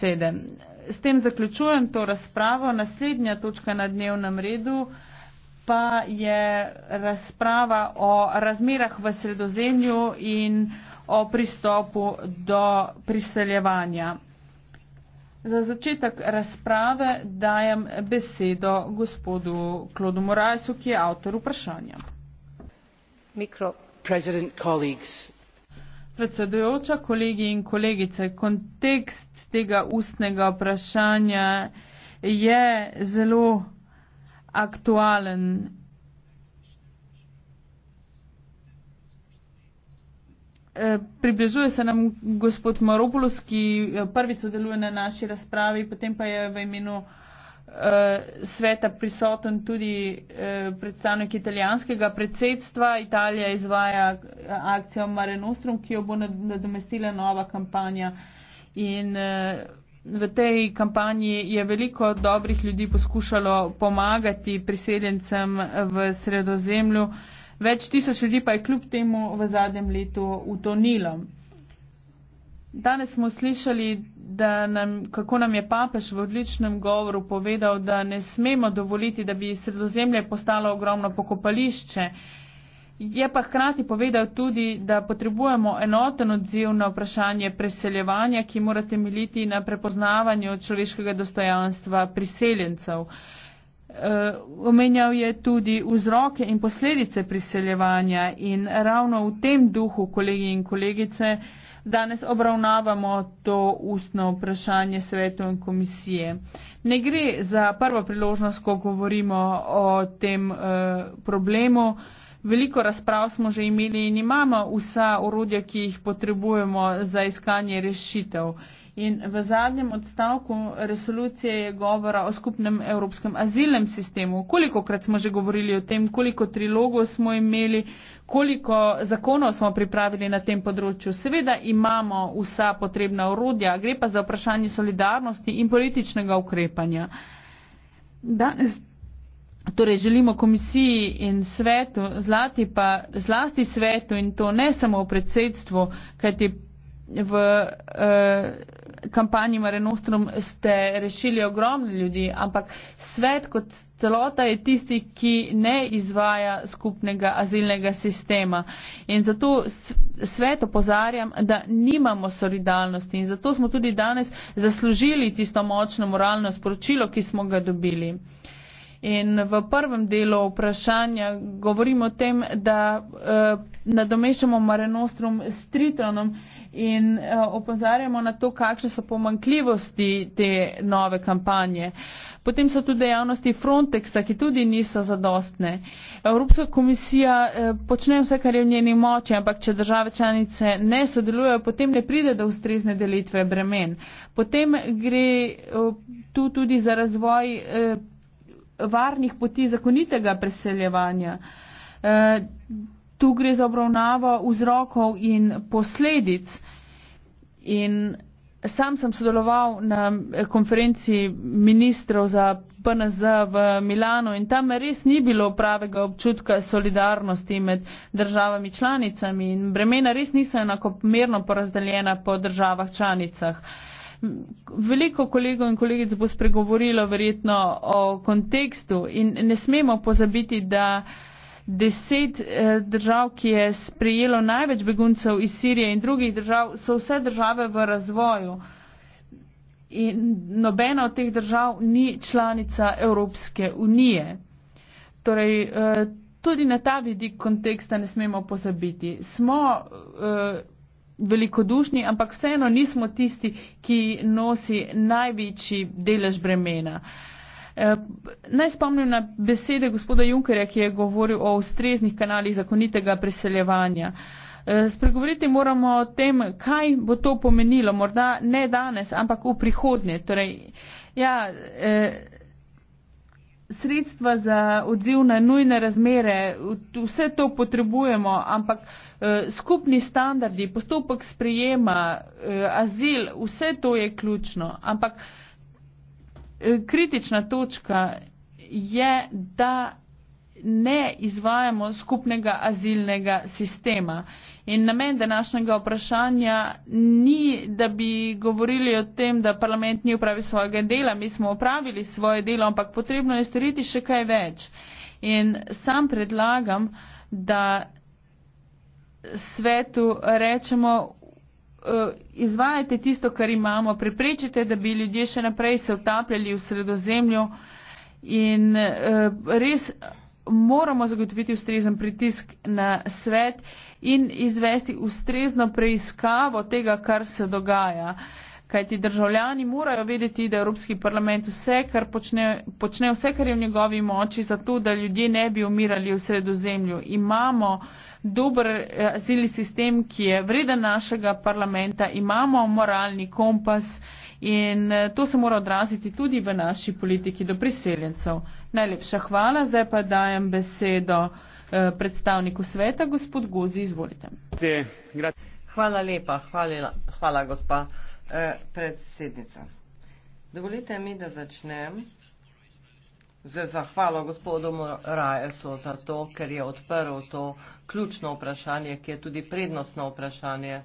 besede. S tem zaključujem to razpravo. Naslednja točka na dnevnem redu pa je razprava o razmerah v sredozemlju in o pristopu do priseljevanja. Za začetek razprave dajem besedo gospodu Klodu Morajsu, ki je avtor vprašanja. Mikro. Predsedujoča, kolegi in kolegice, kontekst tega ustnega vprašanja je zelo aktualen. E, približuje se nam gospod Maropolos, ki e, prvi sodeluje na naši razpravi, potem pa je v imenu e, sveta prisoten tudi predstavnik italijanskega predsedstva. Italija izvaja akcijo Mare Nostrum, ki jo bo nadomestila nova kampanja In eh, v tej kampanji je veliko dobrih ljudi poskušalo pomagati priseljencem v sredozemlju. Več tisoč ljudi pa je kljub temu v zadnjem letu utonilo. Danes smo slišali, nam, kako nam je papež v odličnem govoru povedal, da ne smemo dovoliti, da bi sredozemlje postalo ogromno pokopališče. Je pa hkrati povedal tudi, da potrebujemo enoten odziv na vprašanje preseljevanja, ki mora temeljiti na prepoznavanju človeškega dostojanstva priseljencev. Eh, omenjal je tudi vzroke in posledice priseljevanja in ravno v tem duhu, kolegi in kolegice, danes obravnavamo to ustno vprašanje svetu in komisije. Ne gre za prvo priložnost, ko govorimo o tem eh, problemu. Eh, Veliko razprav smo že imeli in imamo vsa urodja, ki jih potrebujemo za iskanje rešitev. In v zadnjem odstavku resolucije je govora o skupnem evropskem azilnem sistemu. Koliko krat smo že govorili o tem, koliko trilogov smo imeli, koliko zakonov smo pripravili na tem področju. Seveda imamo vsa potrebna urodja, gre pa za vprašanje solidarnosti in političnega ukrepanja. Danes Torej, želimo komisiji in svetu, zlati pa zlasti svetu in to ne samo v predsedstvu, kajti v uh, kampanji Marenostrom ste rešili ogromno ljudi, ampak svet kot celota je tisti, ki ne izvaja skupnega azilnega sistema. In zato svet opozarjam, da nimamo solidarnosti in zato smo tudi danes zaslužili tisto močno moralno sporočilo, ki smo ga dobili. In v prvem delu vprašanja govorimo o tem, da uh, nadomešamo marenostrum s tritonom in uh, opozarjamo na to, kakšne so pomankljivosti te nove kampanje. Potem so tudi dejavnosti Frontexa, ki tudi niso zadostne. Evropska komisija eh, počne vse, kar je v njeni moči, ampak če države članice ne sodelujejo, potem ne pride do ustrezne delitve bremen. Potem gre eh, tu tudi za razvoj. Eh, varnih poti zakonitega preseljevanja. Eh, tu gre za obravnavo vzrokov in posledic. In sam sem sodeloval na eh, konferenci ministrov za PNZ v Milano in tam res ni bilo pravega občutka solidarnosti med državami članicami in bremena res niso enakomerno porazdeljena po državah članicah. Uh, veliko kolegov in kolegic bo spregovorilo verjetno o kontekstu in ne smemo pozabiti, da deset eh, držav, ki je sprejelo največ beguncev iz Sirije in drugih držav, so vse države v razvoju. In nobena od teh držav ni članica Evropske unije. Torej, eh, tudi na ta vidik konteksta ne smemo pozabiti. Smo eh, velikodušni, ampak vseeno nismo tisti, ki nosi največji delež bremena. Eh, naj spomnim na besede gospoda Junkerja, ki je govoril o ustreznih kanalih zakonitega preseljevanja. Eh, spregovoriti moramo o tem, kaj bo to pomenilo, morda ne danes, ampak v prihodnje. Torej, ja, eh, sredstva za odziv na nujne razmere, vse to potrebujemo, ampak eh, skupni standardi, postopek sprejema, eh, azil, vse to je ključno. Ampak eh, kritična točka je, da ne izvajamo skupnega azilnega sistema. In namen današnjega vprašanja ni, da bi govorili o tem, da parlament ni upravil svojega dela, mi smo upravili svoje delo, ampak potrebno je storiti še kaj več. In sam predlagam, da svetu rečemo, eh, izvajajte tisto, kar imamo, preprečite, da bi ljudje še naprej se utapljali v sredozemlju in eh, res moramo zagotoviti ustrezen pritisk na svet in izvesti ustrezno preiskavo tega, kar se dogaja. Kaj ti državljani morajo vedeti, da Evropski parlament vse, kar počne, počne vse, kar je v njegovi moči, zato da ljudje ne bi umirali v sredozemlju. Imamo dober eh, azilni sistem, ki je vreden našega parlamenta, imamo moralni kompas in eh, to se mora odraziti tudi v naši politiki do priseljencev. Najlepša hvala, zdaj pa dajem besedo. Eh, predstavniku sveta, gospod Gozi, izvolite. Hvala lepa, hvala, hvala gospa eh, predsednica. Dovolite mi, da začnem z zahvalo gospodu Rajesu za to, ker je odprl to ključno vprašanje, ki je tudi prednostno vprašanje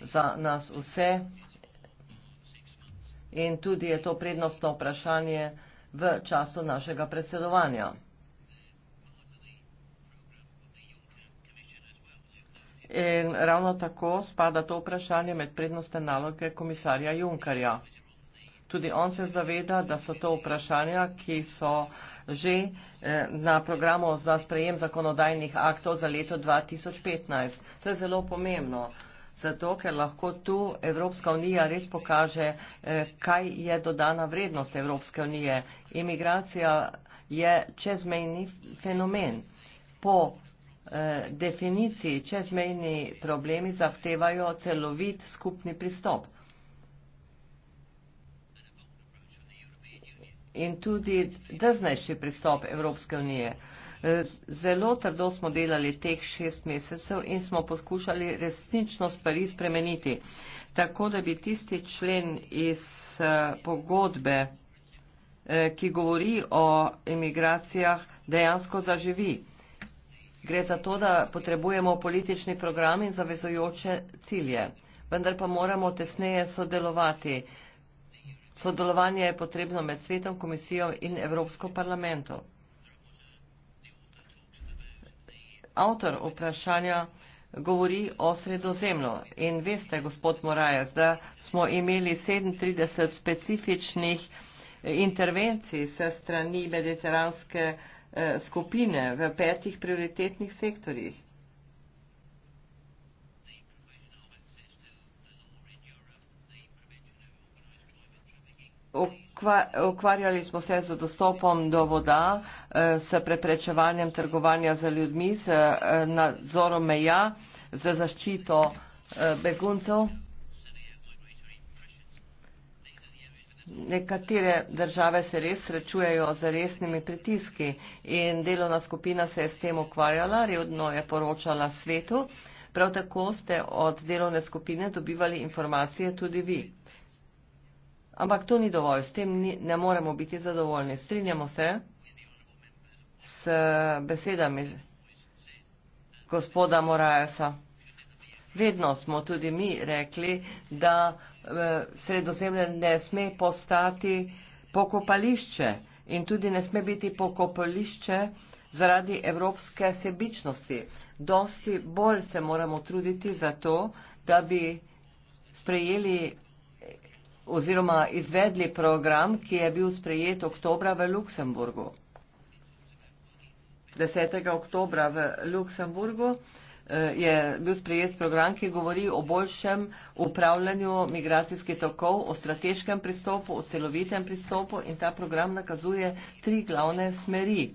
za nas vse. In tudi je to prednostno vprašanje v času našega predsedovanja. In ravno tako spada to vprašanje med prednostne naloge komisarja Junkarja. Tudi on se zaveda, da so to vprašanja, ki so že eh, na programu za sprejem zakonodajnih aktov za leto 2015. To je zelo pomembno, zato ker lahko tu Evropska unija res pokaže, eh, kaj je dodana vrednost Evropske unije. Imigracija je čezmejni fenomen. Po Eh, definiciji čezmejni problemi zahtevajo celovit skupni pristop. In tudi drznejši pristop Evropske unije. Eh, zelo trdo smo delali teh šest mesecev in smo poskušali resnično stvari spremeniti, tako da bi tisti člen iz eh, pogodbe, ki govori o emigracijah, dejansko zaživi. Gre za to, da potrebujemo politični program in zavezujoče cilje, vendar pa moramo tesneje sodelovati. Sodelovanje je potrebno med svetom, komisijo in Evropsko parlamento. Avtor vprašanja govori o sredozemlju in veste, gospod Morajez, da smo imeli 37 specifičnih intervencij se strani mediteranske Eh, skupine v petih prioritetnih sektorjih. Ukvarjali smo se z dostopom do voda, eh, s preprečevanjem trgovanja za ljudmi, z eh, nadzorom meja, z zaščito beguncev. nekatere države se res srečujejo z resnimi pritiski in delovna skupina se je s tem ukvarjala, redno je poročala svetu. Prav tako ste od delovne skupine dobivali informacije tudi vi. Ampak to ni dovolj, s tem ni, ne moremo biti zadovoljni. Strinjamo se s besedami gospoda Morajesa. Vedno smo tudi mi rekli, da sredozemlje ne sme postati pokopališče in tudi ne sme biti pokopališče zaradi evropske sebičnosti. Dosti bolj se moramo truditi za to, da bi sprejeli oziroma izvedli program, ki je bil sprejet oktobra v Luksemburgu. 10. oktobra v Luksemburgu. Eh, je bil sprejet program, ki govori o boljšem upravljanju migracijskih tokov, o strateškem pristopu, o celovitem pristopu in ta program nakazuje tri glavne smeri.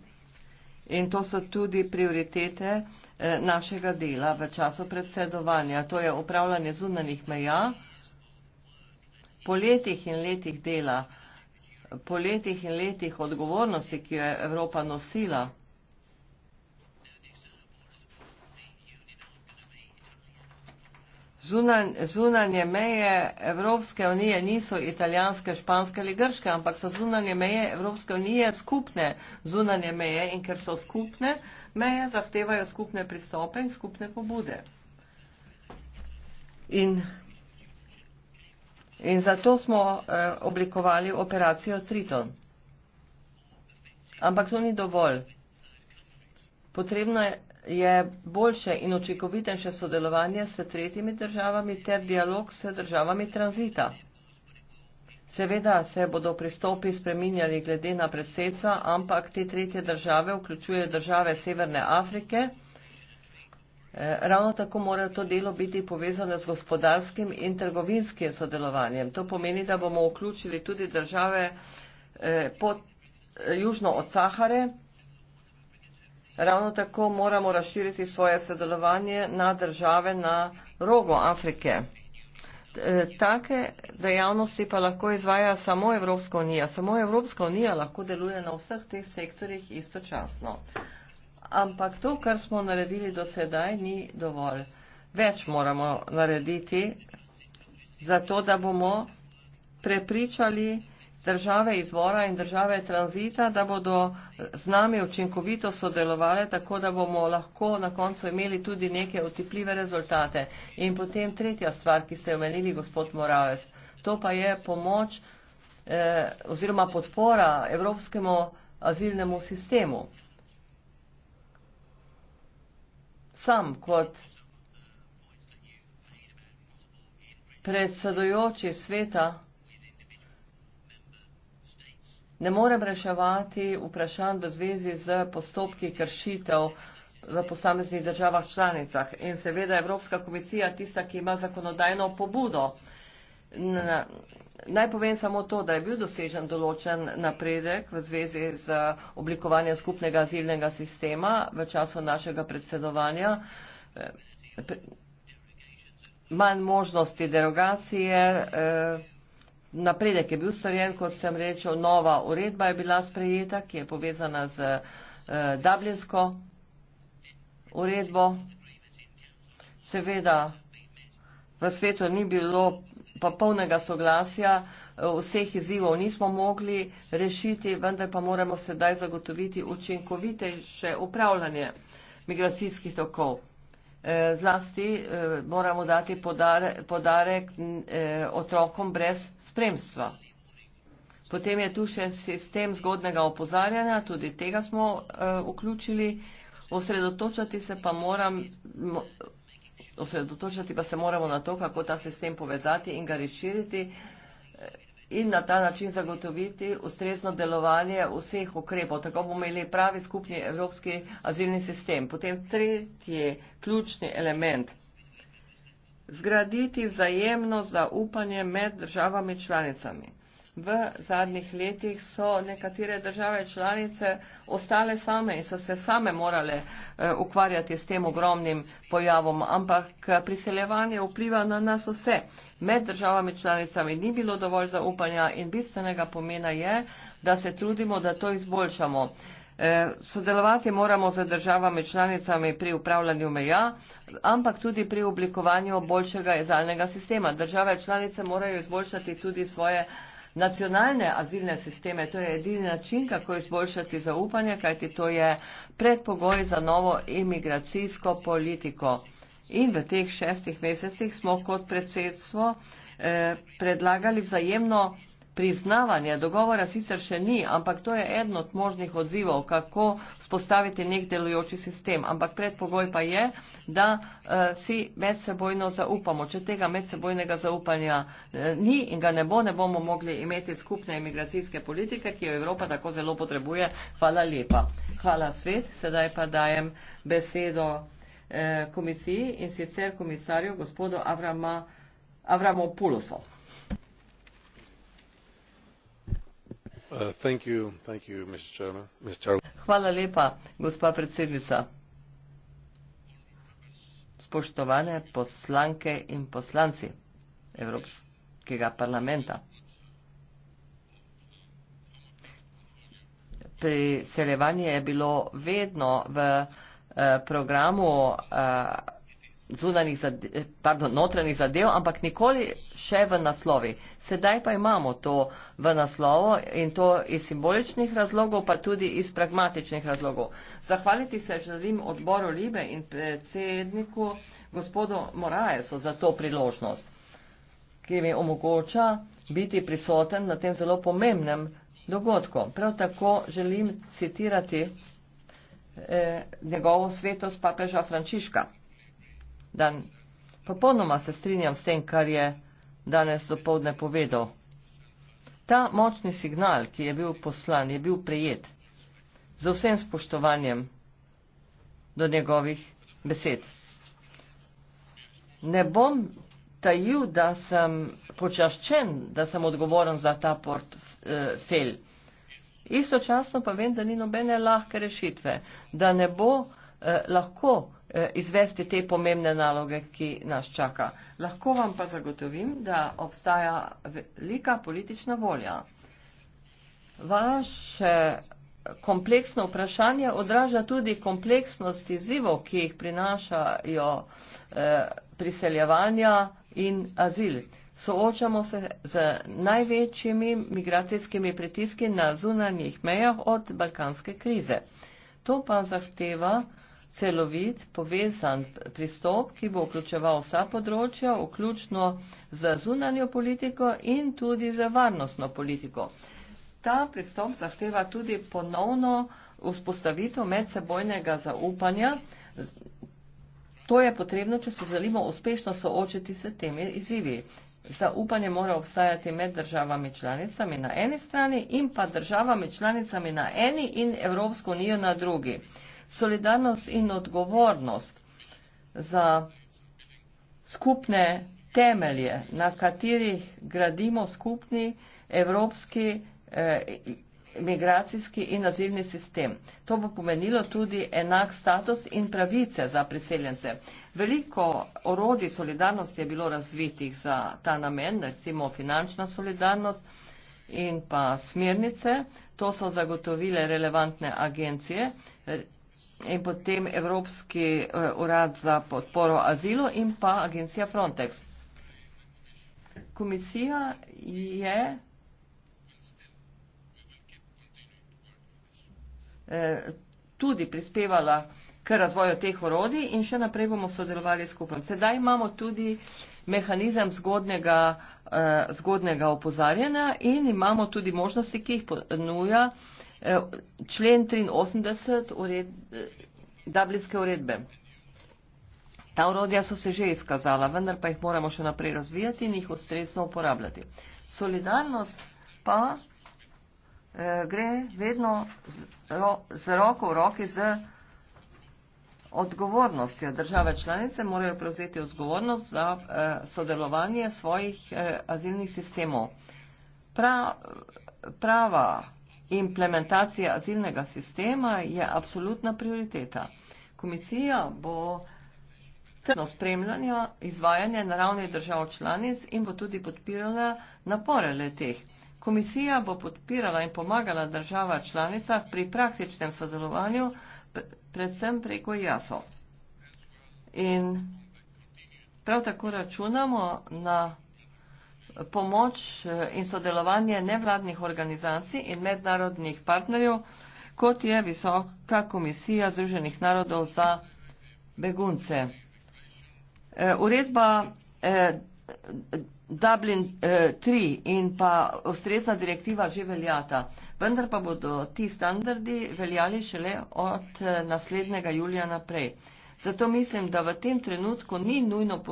In to so tudi prioritete eh, našega dela v času predsedovanja. To je upravljanje zunanih meja. Po letih in letih dela, po letih in letih odgovornosti, ki jo je Evropa nosila, zunan, zunanje meje Evropske unije niso italijanske, španske ali grške, ampak so zunanje meje Evropske unije skupne zunanje meje in ker so skupne meje, zahtevajo skupne pristope in skupne pobude. In, in zato smo eh, oblikovali operacijo Triton. Ampak to ni dovolj. Potrebno je je boljše in očekovitejše sodelovanje s tretjimi državami ter dialog s državami tranzita. Seveda se bodo pristopi spreminjali glede na predsedca, ampak te tretje države vključuje države Severne Afrike. Eh, ravno tako mora to delo biti povezano z gospodarskim in trgovinskim sodelovanjem. To pomeni, da bomo vključili tudi države eh, pod, eh, južno od Sahare, Ravno tako moramo razširiti svoje sodelovanje na države na rogu Afrike. E, take dejavnosti pa lahko izvaja samo Evropska unija. Samo Evropska unija lahko deluje na vseh teh sektorjih istočasno. Ampak to, kar smo naredili do sedaj, ni dovolj. Več moramo narediti, zato da bomo prepričali, države izvora in države tranzita, da bodo z nami učinkovito sodelovali, tako da bomo lahko na koncu imeli tudi neke otipljive rezultate. In potem tretja stvar, ki ste omenili, gospod Moraves, to pa je pomoč eh, oziroma podpora evropskemu azilnemu sistemu. Sam kot predsedujoči sveta ne morem reševati vprašanj v zvezi z postopki kršitev v posameznih državah članicah. In seveda Evropska komisija tista, ki ima zakonodajno pobudo. Naj povem samo to, da je bil dosežen določen napredek v zvezi z oblikovanjem skupnega azilnega sistema v času našega predsedovanja. Eh, manj možnosti derogacije. Eh, napredek je bil storjen, kot sem rečel, nova uredba je bila sprejeta, ki je povezana z eh, Dublinsko uredbo. Seveda v svetu ni bilo pa polnega soglasja, eh, vseh izzivov nismo mogli rešiti, vendar pa moramo sedaj zagotoviti učinkovitejše upravljanje migracijskih tokov. Eh, zlasti eh, moramo dati podare, podarek eh, otrokom brez spremstva. Potem je tu še sistem zgodnega opozarjanja, tudi tega smo vključili. Osredotočati se pa moram. Osredotočati pa se moramo na to, kako ta sistem povezati in ga razširiti in na ta način zagotoviti ustrezno delovanje vseh ukrepov. Tako bomo imeli pravi skupni evropski azilni sistem. Potem tretji ključni element. Zgraditi vzajemno zaupanje med državami članicami v zadnjih letih so nekatere države članice ostale same in so se same morale eh, ukvarjati s tem ogromnim pojavom, ampak eh, priseljevanje vpliva na nas vse. Med državami članicami ni bilo dovolj zaupanja in bistvenega pomena je, da se trudimo, da to izboljšamo. Eh, sodelovati moramo z državami članicami pri upravljanju meja, ampak tudi pri oblikovanju boljšega jezalnega sistema. Države članice morajo izboljšati tudi svoje nacionalne azilne sisteme. To je edini način, kako izboljšati zaupanje, kajti to je predpogoj za novo imigracijsko politiko. In v teh šestih mesecih smo kot predsedstvo eh, predlagali vzajemno priznavanje dogovora sicer še ni, ampak to je eden od možnih odzivov, kako spostaviti nek delujoči sistem. Ampak predpogoj pa je, da uh, si medsebojno zaupamo. Če tega medsebojnega zaupanja uh, ni in ga ne bo, ne bomo mogli imeti skupne imigracijske politike, ki jo Evropa tako zelo potrebuje. Hvala lepa. Hvala svet. Sedaj pa dajem besedo uh, komisiji in sicer komisarju gospodu Avrama, Avramo Pulosov. Uh, Hvala lepa, gospa predsednica. Spoštovane poslanke in poslanci Evropskega parlamenta. Priseljevanje je bilo vedno v eh, programu eh, zunanih, pardon, notranjih zadev, ampak nikoli še v naslovi. Sedaj pa imamo to v naslovo in to iz simboličnih razlogov, pa tudi iz pragmatičnih razlogov. Zahvaliti se želim odboru Libe in predsedniku gospodu Morajesu za to priložnost, ki mi omogoča biti prisoten na tem zelo pomembnem dogodku. Prav tako želim citirati eh, njegovo svetost papeža Frančiška dan. Popolnoma se strinjam s tem, kar je danes dopovdne povedal. Ta močni signal, ki je bil poslan, je bil prejet z vsem spoštovanjem do njegovih besed. Ne bom tajil, da sem počaščen, da sem odgovoren za ta portfelj. Istočasno pa vem, da ni nobene lahke rešitve, da ne bo eh, lahko. Eh, izvesti te pomembne naloge, ki nas čaka. Lahko vam pa zagotovim, da obstaja velika politična volja. Vaše kompleksno vprašanje odraža tudi kompleksnost izzivov, ki jih prinašajo eh, priseljevanja in azil. Soočamo se z največjimi migracijskimi pritiski na zunanjih mejah od balkanske krize. To pa zahteva celovit, povezan pristop, ki bo vključeval vsa področja, vključno za zunanjo politiko in tudi za varnostno politiko. Ta pristop zahteva tudi ponovno vzpostavitev medsebojnega zaupanja. To je potrebno, če se želimo uspešno soočiti s temi izzivi. Zaupanje mora obstajati med državami članicami na eni strani in pa državami članicami na eni in Evropsko unijo na drugi solidarnost in odgovornost za skupne temelje, na katerih gradimo skupni evropski eh, migracijski in nazivni sistem. To bo pomenilo tudi enak status in pravice za priseljence. Veliko orodij solidarnosti je bilo razvitih za ta namen, recimo finančna solidarnost in pa smernice. To so zagotovile relevantne agencije, in potem Evropski eh, urad za podporo azilu in pa agencija Frontex. Komisija je eh, tudi prispevala k razvoju teh orodij in še naprej bomo sodelovali skupaj. Sedaj imamo tudi mehanizem zgodnega, eh, zgodnega opozarjanja in imamo tudi možnosti, ki jih ponuja Eh, člen 83 ured, eh, Dublinske uredbe. Ta urodja so se že izkazala, vendar pa jih moramo še naprej razvijati in jih ustrezno uporabljati. Solidarnost pa eh, gre vedno z, ro, z roko v roki z odgovornostjo. Države članice morajo prevzeti odgovornost za eh, sodelovanje svojih eh, azilnih sistemov. Pra, prava Implementacija azilnega sistema je apsolutna prioriteta. Komisija bo trdno spremljanja izvajanja na ravni držav članic in bo tudi podpirala napore letih. Komisija bo podpirala in pomagala država članica pri praktičnem sodelovanju, predvsem preko jaso. In prav tako računamo na pomoč eh, in sodelovanje nevladnih organizacij in mednarodnih partnerjev, kot je Visoka komisija Združenih narodov za begunce. Eh, uredba eh, Dublin 3 in pa ustrezna direktiva že veljata, vendar pa bodo ti standardi veljali šele od naslednjega julija naprej. Zato mislim, da v tem trenutku ni nujno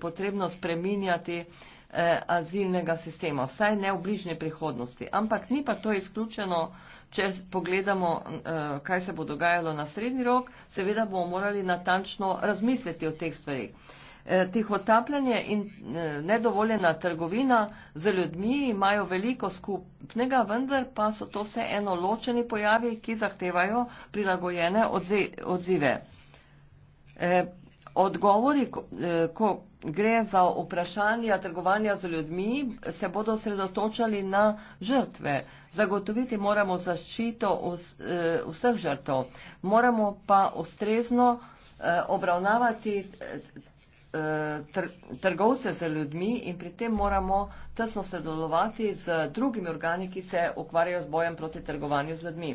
potrebno spreminjati eh, azilnega sistema, vsaj ne v bližnji prihodnosti. Ampak ni pa to izključeno, če pogledamo, eh, kaj se bo dogajalo na srednji rok, seveda bomo morali natančno razmisliti o teh stvarih. Eh, tihotapljanje in eh, nedovoljena trgovina z ljudmi imajo veliko skupnega, vendar pa so to vse eno ločeni pojavi, ki zahtevajo prilagojene odzi odzive. Eh, odgovori, ko, eh, ko gre za vprašanja trgovanja z ljudmi, se bodo sredotočali na žrtve. Zagotoviti moramo zaščito eh, vseh žrtov, moramo pa ustrezno eh, obravnavati eh, Eh, tr trgovce z ljudmi in pri tem moramo tesno sodelovati z drugimi organi, ki se ukvarjajo z bojem proti trgovanju z ljudmi.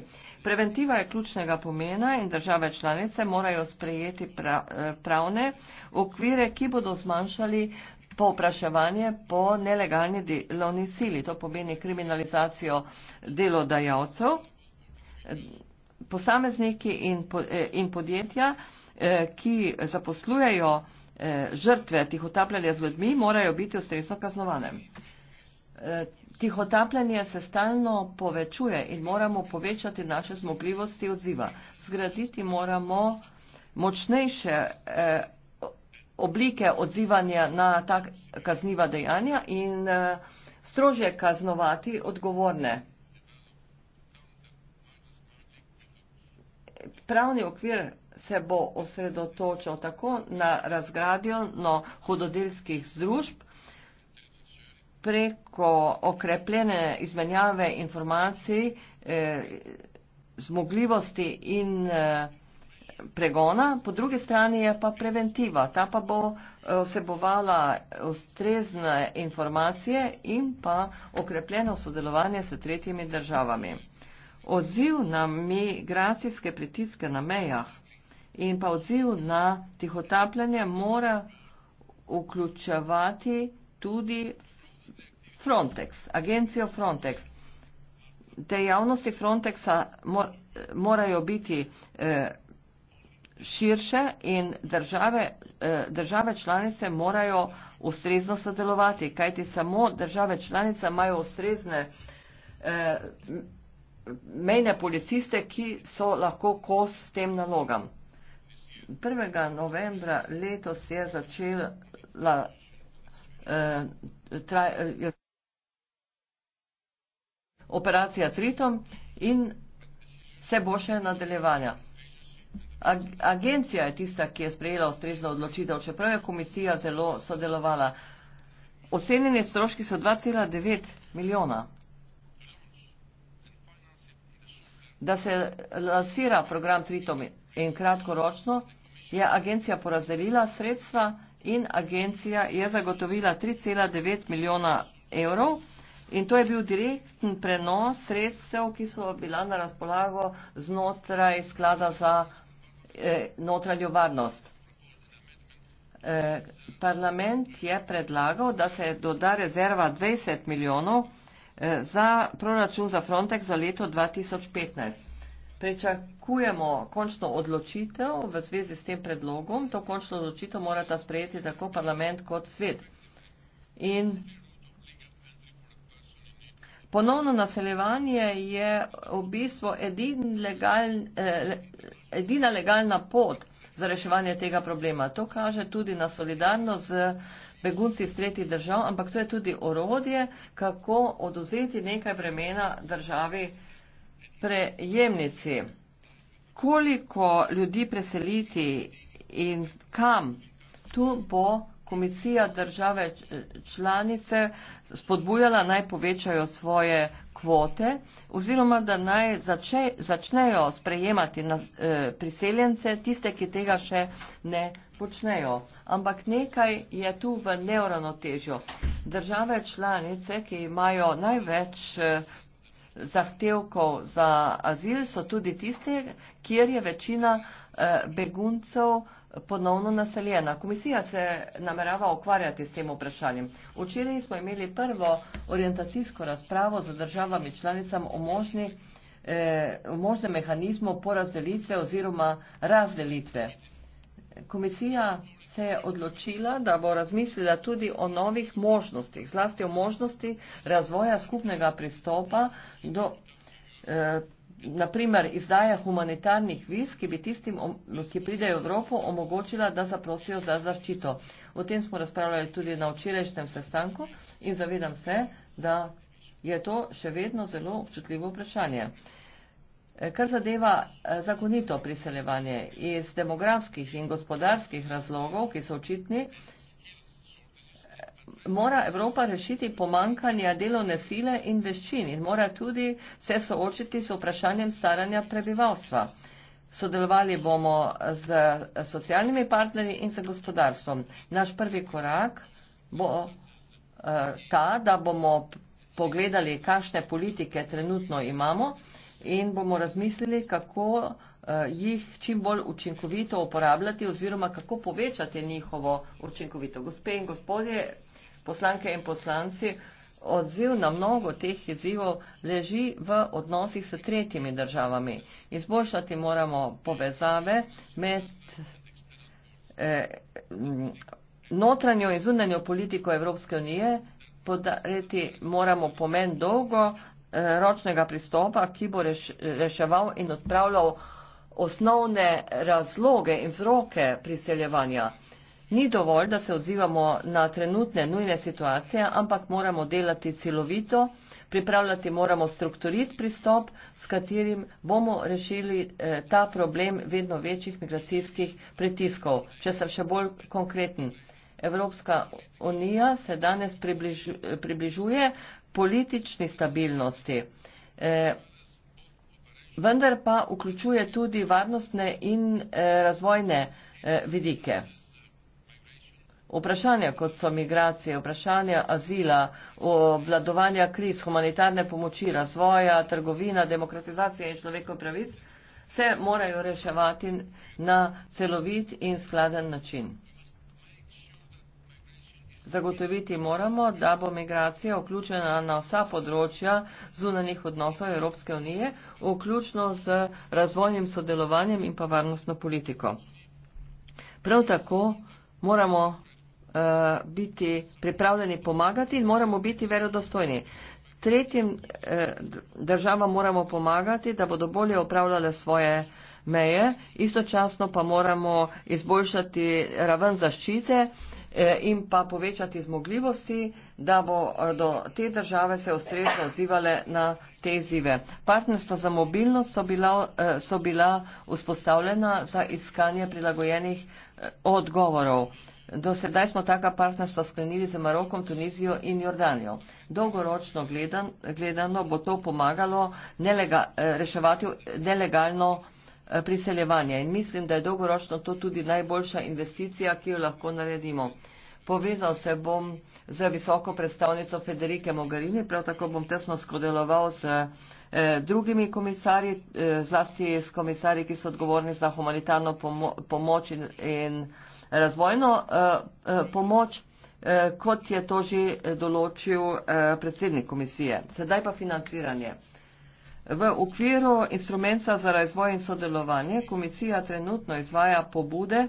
Preventiva je ključnega pomena in države članice morajo sprejeti pra eh, pravne okvire, ki bodo zmanjšali povpraševanje po nelegalni delovni sili. To pomeni kriminalizacijo delodajalcev, posamezniki in, po eh, in podjetja, ki zaposlujejo Eh, žrtve tihotapljanja z ljudmi morajo biti ustrezno kaznovane. Eh, tihotapljanje se stalno povečuje in moramo povečati naše zmogljivosti odziva. Zgraditi moramo močnejše eh, oblike odzivanja na ta kazniva dejanja in strože kaznovati odgovorne. Pravni okvir se bo osredotočil tako na razgradjeno hudodelskih združb preko okrepljene izmenjave informacij, eh, zmogljivosti in eh, pregona, po drugi strani je pa preventiva. Ta pa bo eh, vsebovala ustrezne informacije in pa okrepljeno sodelovanje s tretjimi državami. Oziv na migracijske pritiske na mejah in pa odziv na tihotapljanje mora vključevati tudi Frontex, agencijo Frontex. Dejavnosti Frontexa mor, morajo biti eh, širše in države, eh, države članice morajo ustrezno sodelovati, kajti samo države članice imajo ustrezne eh, mejne policiste, ki so lahko kos tem nalogam. 1. novembra letos je začela eh, traj, je, eh, operacija Triton in se bo še nadaljevanja. Ag, agencija je tista, ki je sprejela ustrezno odločitev, čeprav je komisija zelo sodelovala. Ocenjeni stroški so 2,9 milijona. Da se lansira program Triton in kratkoročno je agencija porazdelila sredstva in agencija je zagotovila 3,9 milijona evrov. In to je bil direktn prenos sredstev, ki so bila na razpolago znotraj sklada za eh, notranjo varnost. Eh, parlament je predlagal, da se doda rezerva 20 milijonov eh, za proračun za Frontex za leto 2015. Pričakujemo končno odločitev v zvezi s tem predlogom. To končno odločitev morata sprejeti tako parlament kot svet. In ponovno naseljevanje je v bistvu edin legal, eh, edina legalna pot za reševanje tega problema. To kaže tudi na solidarnost z begunci iz tretjih držav, ampak to je tudi orodje, kako oduzeti nekaj bremena državi prejemnici. Koliko ljudi preseliti in kam? Tu bo komisija države članice spodbujala naj povečajo svoje kvote oziroma da naj začne, začnejo sprejemati na, eh, priseljence, tiste, ki tega še ne počnejo. Ampak nekaj je tu v neuravnotežju. Države članice, ki imajo največ eh, zahtevkov za azil so tudi tiste, kjer je večina eh, beguncev ponovno naseljena. Komisija se namerava ukvarjati s tem vprašanjem. Včeraj smo imeli prvo orientacijsko razpravo z državami članicam o možnih eh, o možnem mehanizmu porazdelitve oziroma razdelitve. Komisija se je odločila, da bo razmislila tudi o novih možnostih, zlasti o možnosti razvoja skupnega pristopa do eh, naprimer izdaja humanitarnih viz, ki bi tistim, ki pridejo v Evropo, omogočila, da zaprosijo za zaščito. O tem smo razpravljali tudi na včerajšnjem sestanku in zavedam se, da je to še vedno zelo občutljivo vprašanje. Eh, Eh, kar zadeva eh, zakonito priseljevanje iz demografskih in gospodarskih razlogov, ki so očitni, eh, mora Evropa rešiti pomankanja delovne sile in veščin in mora tudi se soočiti s vprašanjem staranja prebivalstva. Sodelovali bomo z socialnimi partnerji in z gospodarstvom. Naš prvi korak bo ta, da bomo pogledali, kakšne politike trenutno imamo in bomo razmislili, kako eh, jih čim bolj učinkovito uporabljati oziroma kako povečati njihovo učinkovito. Gospe in gospodje, poslanke in poslanci, odziv na mnogo teh izzivov leži v odnosih s tretjimi državami. Izboljšati moramo povezave med eh, notranjo in zunanjo politiko Evropske unije, podariti moramo pomen dolgo Eh, ročnega pristopa, ki bo reš, reševal in odpravljal osnovne razloge in vzroke priseljevanja. Ni dovolj, da se odzivamo na trenutne nujne situacije, ampak moramo delati celovito, pripravljati moramo strukturit pristop, s katerim bomo rešili eh, ta problem vedno večjih migracijskih pritiskov. Če sem še bolj konkreten, Evropska unija se danes približuje politični stabilnosti. Eh, vendar pa vključuje tudi varnostne in eh, razvojne eh, vidike. Vprašanja, kot so migracije, vprašanja azila, obladovanja kriz, humanitarne pomoči, razvoja, trgovina, demokratizacija in človekov pravic, se morajo reševati na celovit in skladen način. Zagotoviti moramo, da bo migracija vključena na vsa področja zunanih odnosov Evropske unije, vključno z razvojnim sodelovanjem in pa varnostno politiko. Prav tako moramo uh, biti pripravljeni pomagati in moramo biti verodostojni. Tretjim uh, državam moramo pomagati, da bodo bolje upravljale svoje meje, istočasno pa moramo izboljšati raven zaščite uh, Eh, in pa povečati zmogljivosti, da bo eh, do te države se ustrezno odzivale na te izzive. Partnerstva za mobilnost so bila, eh, so bila vzpostavljena za iskanje prilagojenih odgovorov. Do sedaj smo taka partnerstva sklenili z Marokom, Tunizijo in Jordanijo. Dolgoročno gledano, gledano bo to pomagalo nelega, reševati nelegalno Eh, priseljevanje. In mislim, da je dolgoročno to tudi najboljša investicija, ki jo lahko naredimo. Povezal se bom z visoko predstavnico Federike Mogherini, prav tako bom tesno skodeloval z eh, drugimi komisarji, eh, zlasti s komisarji, ki so odgovorni za humanitarno pomo pomoč in, in razvojno pomoč, kot je to že določil predsednik komisije. Sedaj pa financiranje. V okviru instrumenta za razvoj in sodelovanje komisija trenutno izvaja pobude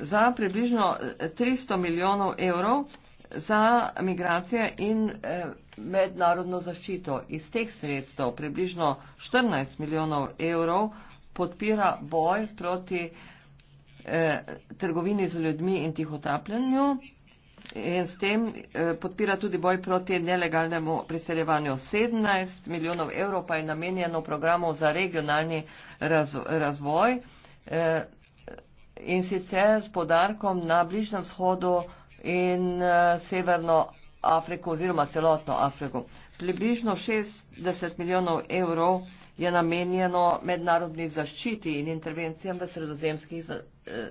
za približno 300 eh, milijonov evrov za migracije in eh, mednarodno zaščito. Iz teh sredstev približno 14 milijonov evrov podpira boj proti eh, trgovini z ljudmi in tihotapljenju in s tem eh, podpira tudi boj proti nelegalnemu priseljevanju. 17 milijonov evrov pa je namenjeno programov za regionalni razvoj eh, in sicer s podarkom na Bližnem vzhodu in eh, Severno Afriko oziroma celotno Afriko. Približno 60 milijonov evrov je namenjeno mednarodni zaščiti in intervencijam v sredozemskih, eh,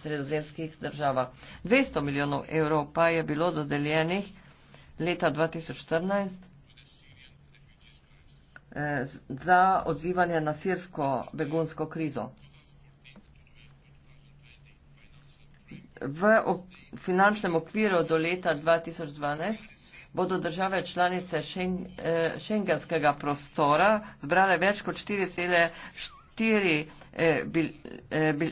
sredozemskih državah. 200 milijonov evrov pa je bilo dodeljenih leta 2014 eh, za odzivanje na sirsko begunsko krizo. V finančnem okviru do leta 2012 bodo države članice eh, šengenskega prostora zbrale več kot 4,4 eh, eh,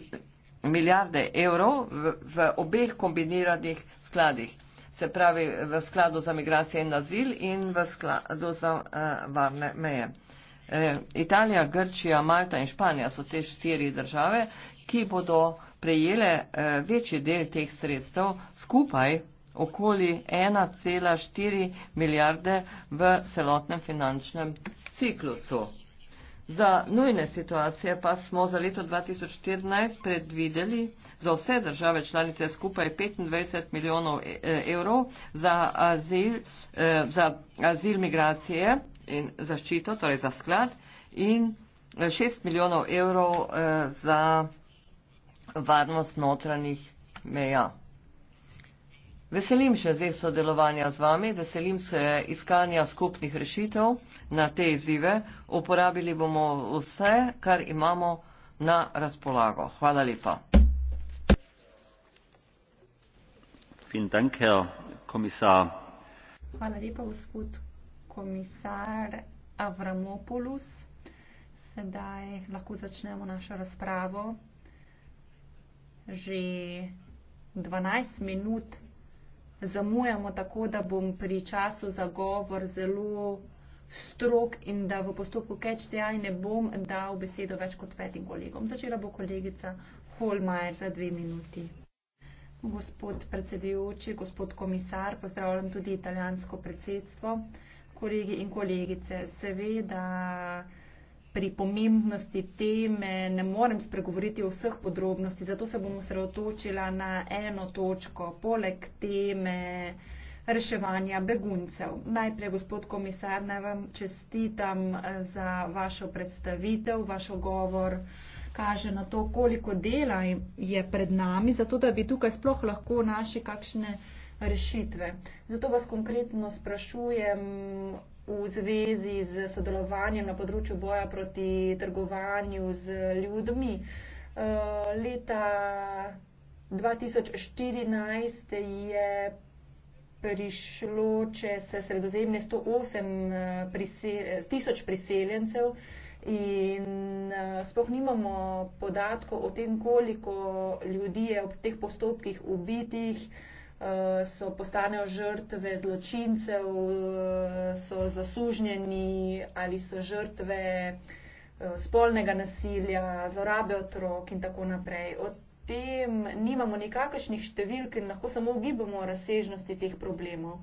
milijarde evrov v obeh kombiniranih skladih, se pravi v skladu za migracije in azil in v skladu za varne meje. Italija, Grčija, Malta in Španija so te štiri države, ki bodo prejele večji del teh sredstev skupaj okoli 1,4 milijarde v celotnem finančnem ciklusu. Za nujne situacije pa smo za leto 2014 predvideli za vse države članice skupaj 25 milijonov e, e, evrov za azil, e, za azil migracije in zaščito, torej za sklad, in 6 milijonov evrov za varnost notranjih meja. Veselim še zdaj sodelovanja z vami, veselim se iskanja skupnih rešitev na te izzive. Uporabili bomo vse, kar imamo na razpolago. Hvala lepa. Hvala lepa, gospod komisar Avramopoulos. Sedaj lahko začnemo našo razpravo. Že 12 minut zamujamo tako, da bom pri času zagovor zelo strok in da v postopku catch the eye ne bom dal besedo več kot petim kolegom. Začela bo kolegica Holmajer za dve minuti. Gospod predsedujoči, gospod komisar, pozdravljam tudi italijansko predsedstvo, kolegi in kolegice. Seveda pri pomembnosti teme ne morem spregovoriti o vseh podrobnosti, zato se bom osredotočila na eno točko poleg teme reševanja beguncev. Najprej, gospod komisar, naj vam čestitam eh, za vašo predstavitev, vaš govor kaže na to, koliko dela je pred nami, zato da bi tukaj sploh lahko našli kakšne rešitve. Zato vas konkretno sprašujem, v zvezi z sodelovanjem na področju boja proti trgovanju z ljudmi. Eh, leta 2014 je prišlo čez sredozemlje 108 tisoč priseljencev in eh, sploh nimamo podatkov o tem, koliko ljudi je ob teh postopkih ubitih. Eh, so postanejo žrtve zločincev, eh, so zasužnjeni ali so žrtve eh, spolnega nasilja, zlorabe otrok in tako naprej. O tem nimamo nikakršnih številk in lahko samo ugibamo o razsežnosti teh problemov.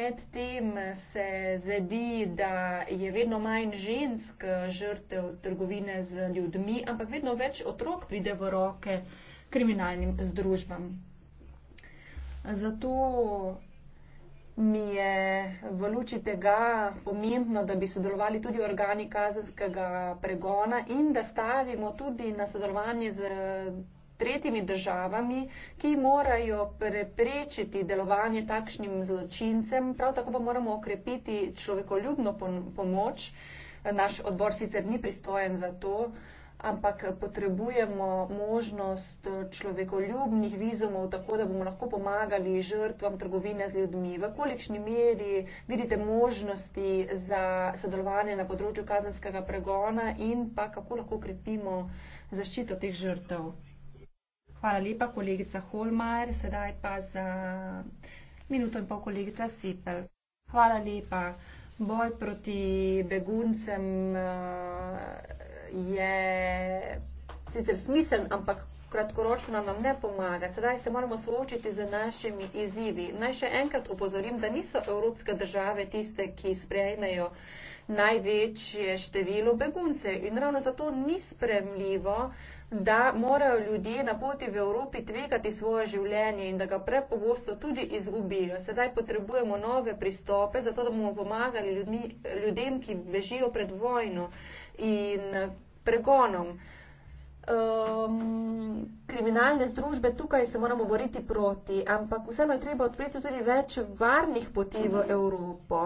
Medtem se zdi, da je vedno manj žensk žrtev trgovine z ljudmi, ampak vedno več otrok pride v roke kriminalnim združbam. Zato mi je v luči tega pomembno, da bi sodelovali tudi organi kazenskega pregona in da stavimo tudi na sodelovanje z tretjimi državami, ki morajo preprečiti delovanje takšnim zločincem. Prav tako pa moramo okrepiti človekoljubno pomoč. Naš odbor sicer ni pristojen za to, ampak potrebujemo možnost človekoljubnih vizumov, tako da bomo lahko pomagali žrtvam trgovine z ljudmi. V kolikšni meri vidite možnosti za sodelovanje na področju kazenskega pregona in pa kako lahko krepimo zaščito teh žrtev? Hvala lepa, kolegica Holmar. Sedaj pa za minuto in pol kolegica Sipel. Hvala lepa. Boj proti beguncem. Uh, je sicer smiseln, ampak kratkoročno nam ne pomaga. Sedaj se moramo soočiti z našimi izzivi. Naj še enkrat upozorim, da niso evropske države tiste, ki sprejmejo največje število beguncev in ravno zato ni spremljivo, da morajo ljudje na poti v Evropi tvegati svoje življenje in da ga prepogosto tudi izgubijo. Sedaj potrebujemo nove pristope, zato da bomo pomagali ljudmi, ljudem, ki bežijo pred vojno in pregonom. Um, kriminalne združbe tukaj se moramo boriti proti, ampak vseeno je treba odpreti tudi več varnih poti v Evropo.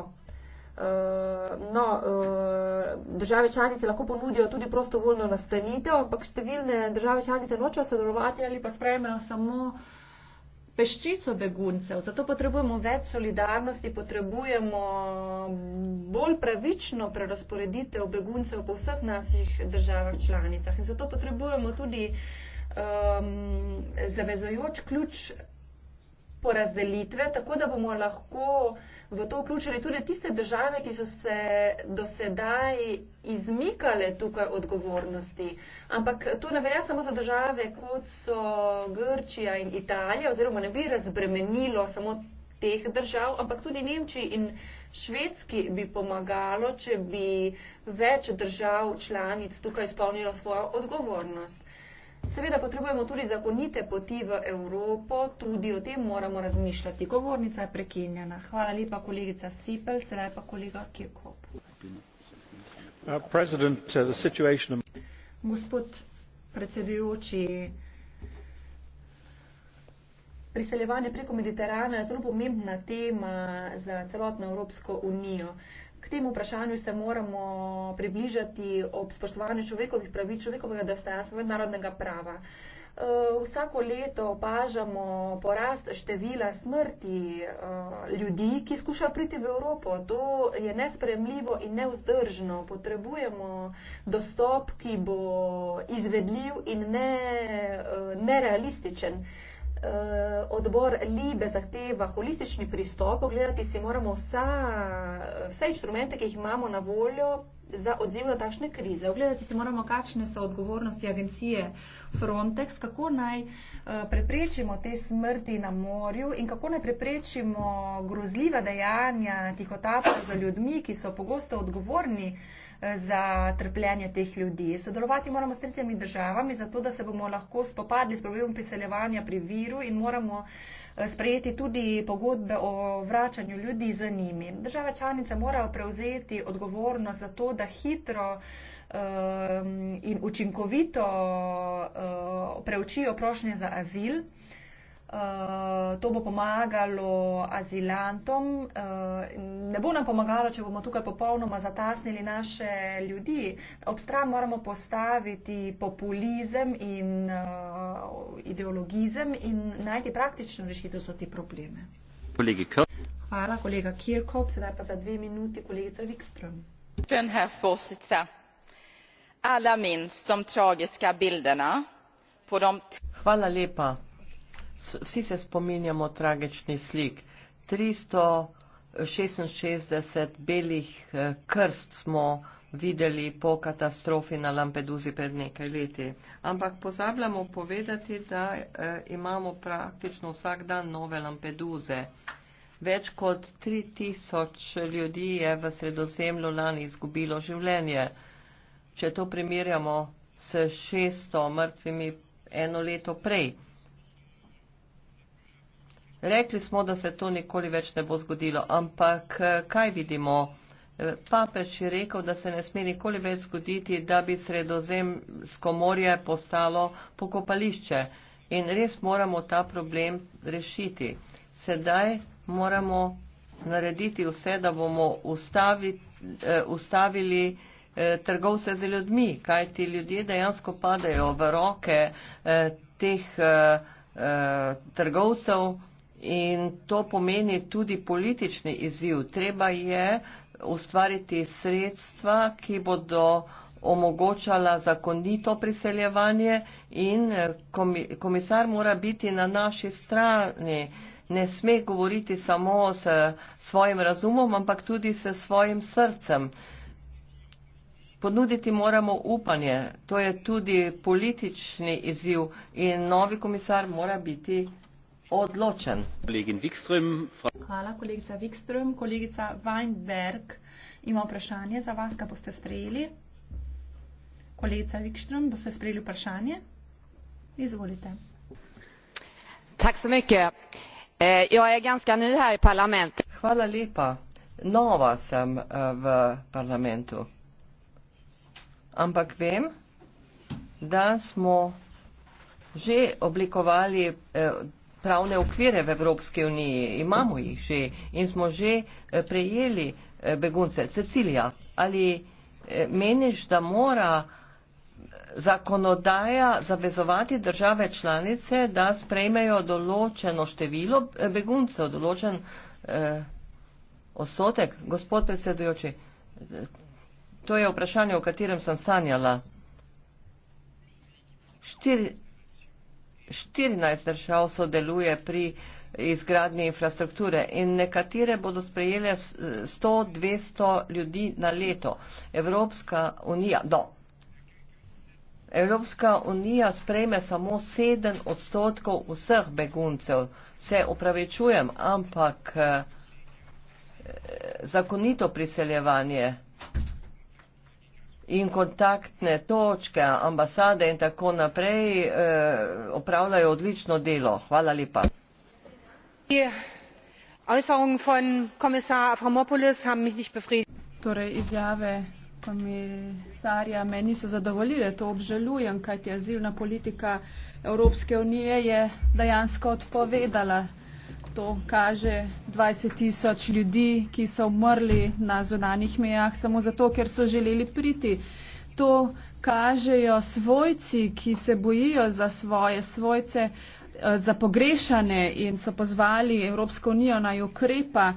Uh, no, uh, države članice lahko ponudijo tudi prostovoljno nastanitev, ampak številne države članice nočejo sodelovati ali pa sprejmejo samo uh, peščico beguncev. Zato potrebujemo več solidarnosti, potrebujemo bolj pravično prerasporeditev beguncev po vseh naših državah članicah. In zato potrebujemo tudi um, zavezojoč ključ porazdelitve, tako da bomo lahko v to vključili tudi tiste države, ki so se do sedaj izmikale tukaj odgovornosti. Ampak to ne velja samo za države, kot so Grčija in Italija, oziroma ne bi razbremenilo samo teh držav, ampak tudi Nemčiji in Švedski bi pomagalo, če bi več držav članic tukaj izpolnilo svojo odgovornost. Seveda potrebujemo tudi zakonite poti v Evropo, tudi o tem moramo razmišljati. Govornica je prekinjena. Hvala lepa kolegica Sipel, sedaj pa kolega Kirkop. Uh, uh, Gospod predsedujoči, priseljevanje preko Mediterana je zelo pomembna tema za celotno Evropsko unijo. Uh, k temu vprašanju se moramo približati ob spoštovanju človekovih pravic, človekovega dostojanstva, mednarodnega prava. Eh, vsako leto opažamo porast števila smrti eh, ljudi, ki skušajo priti v Evropo. To je nespremljivo in neuzdržno. Potrebujemo dostop, ki bo izvedljiv in ne, eh, nerealističen. Eh, odbor Libe zahteva holistični pristop, pogledati si moramo vsa, vse inštrumente, ki jih imamo na voljo za odziv na takšne krize. Ogledati si moramo, kakšne so odgovornosti agencije Frontex, kako naj eh, preprečimo te smrti na morju in kako naj preprečimo grozljiva dejanja tihotapcev za ljudmi, ki so pogosto odgovorni za trpljenje teh ljudi. Sodelovati moramo s tretjimi državami, zato da se bomo lahko spopadli s problemom priseljevanja pri viru in moramo eh, sprejeti tudi pogodbe o vračanju ljudi za njimi. Države članice morajo prevzeti odgovornost za to, da hitro um, in učinkovito uh, preučijo prošnje za azil. Eh, to bo pomagalo azilantom. Eh, ne bo nam pomagalo, če bomo tukaj popolnoma zatasnili naše ljudi. Ob stran moramo postaviti populizem in eh, ideologizem in najti praktično rešitev za te probleme. Kolegi Kirk. Hvala, kolega Kirkop. Sedaj pa za dve minuti kolegica Wikström. Hvala lepa vsi se spominjamo tragičnih slik. 366 belih eh, krst smo videli po katastrofi na Lampeduzi pred nekaj leti. Ampak pozabljamo povedati, da eh, imamo praktično vsak dan nove Lampeduze. Več kot 3000 ljudi je v sredozemlju lani izgubilo življenje. Če to primerjamo s 600 mrtvimi eno leto prej. Rekli smo, da se to nikoli več ne bo zgodilo, ampak eh, kaj vidimo? Eh, Papeč je rekel, da se ne sme nikoli več zgoditi, da bi sredozemsko morje postalo pokopališče. In res moramo ta problem rešiti. Sedaj moramo narediti vse, da bomo eh, ustavili, ustavili trgovce z ljudmi, kaj ti ljudje dejansko padejo v roke teh trgovcev In to pomeni tudi politični izziv. Treba je ustvariti sredstva, ki bodo omogočala zakonito priseljevanje in eh, komisar mora biti na naši strani. Ne sme govoriti samo s svojim razumom, ampak tudi s svojim srcem. Ponuditi moramo upanje. To je tudi politični izziv in novi komisar mora biti odločen. Hvala, kolegica Wikström. Kolegica Weinberg ima vprašanje za vas, ga boste sprejeli. Kolegica Wikström, boste sprejeli vprašanje? Izvolite. Eh, Hvala lepa. Nova sem eh, v parlamentu. Ampak vem, da smo že oblikovali eh, pravne okvire v Evropski uniji, imamo jih že in smo že eh, prejeli eh, begunce. Cecilija, ali eh, meniš, da mora zakonodaja zavezovati države članice, da sprejmejo določeno število beguncev, določen eh, osotek? Gospod predsedujoči, to je vprašanje, o katerem sem sanjala. 4, 14 držav sodeluje pri izgradnji infrastrukture in nekatere bodo sprejele 100-200 ljudi na leto. Evropska unija, do. Evropska unija sprejme samo 7 odstotkov vseh beguncev. Se upravičujem, ampak eh, zakonito priseljevanje in kontaktne točke, ambasade in tako naprej eh, opravljajo odlično delo. Hvala lepa. Torej, izjave komisarja me niso zadovoljile, to obžalujem, kajti azilna politika Evropske unije je dejansko odpovedala to kaže 20 tisoč ljudi, ki so umrli na zonanih mejah samo zato, ker so želeli priti. To kažejo svojci, ki se bojijo za svoje svojce, eh, za pogrešane in so pozvali Evropsko unijo naj ukrepa,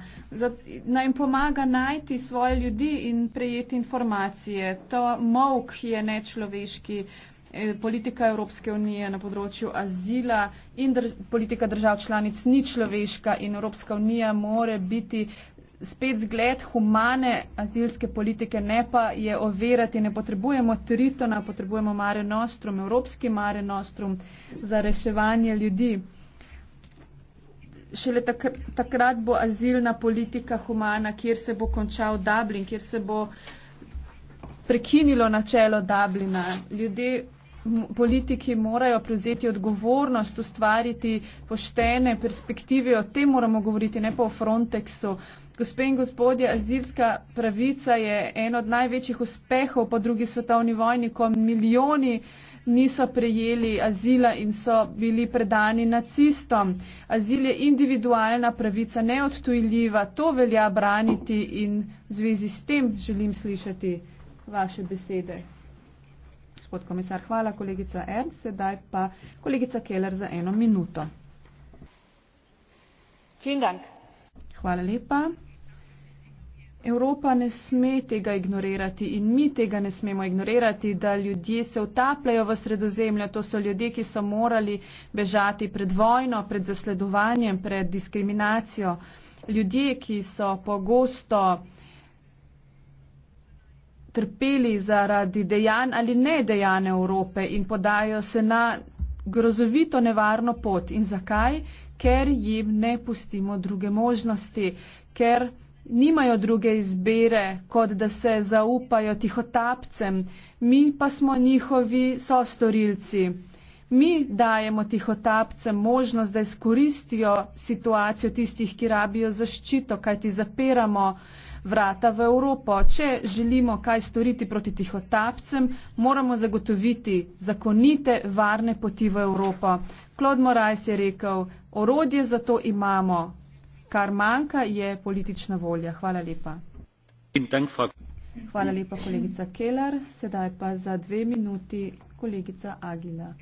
naj jim pomaga najti svoje ljudi in prejeti informacije. To mok je nečloveški, Eh, politika Evropske unije na področju azila in dr politika držav članic ni človeška in Evropska unija more biti spet zgled humane azilske politike, ne pa je overati. Ne potrebujemo Tritona, potrebujemo Mare Nostrum, Evropski Mare Nostrum za reševanje ljudi. Šele takr takrat bo azilna politika humana, kjer se bo končal Dublin, kjer se bo prekinilo načelo Dublina. Ljudje politiki morajo prevzeti odgovornost, ustvariti poštene perspektive, o tem moramo govoriti, ne pa o Frontexu. Gospe in gospodje, azilska pravica je en od največjih uspehov po drugi svetovni vojni, ko milijoni niso prejeli azila in so bili predani nacistom. Azil je individualna pravica, neodtujljiva, to velja braniti in v zvezi s tem želim slišati vaše besede gospod komisar. Hvala, kolegica Ern. Sedaj pa kolegica Keller za eno minuto. Hvala lepa. Evropa ne sme tega ignorirati in mi tega ne smemo ignorirati, da ljudje se utapljajo v sredozemlju. To so ljudje, ki so morali bežati pred vojno, pred zasledovanjem, pred diskriminacijo. Ljudje, ki so pogosto trpeli zaradi dejanj ali ne dejanj Evrope in podajo se na grozovito nevarno pot. In zakaj? Ker jim ne pustimo druge možnosti, ker nimajo druge izbere, kot da se zaupajo tihotapcem. Mi pa smo njihovi sostorilci. Mi dajemo tihotapcem možnost, da izkoristijo situacijo tistih, ki rabijo zaščito, kajti zapiramo vrata v Evropo. Če želimo kaj storiti proti tihotapcem, moramo zagotoviti zakonite, varne poti v Evropo. Klod Morajs je rekel, orodje za to imamo, kar manjka je politična volja. Hvala lepa. Hvala lepa, kolegica Kelar. Sedaj pa za dve minuti kolegica Agila.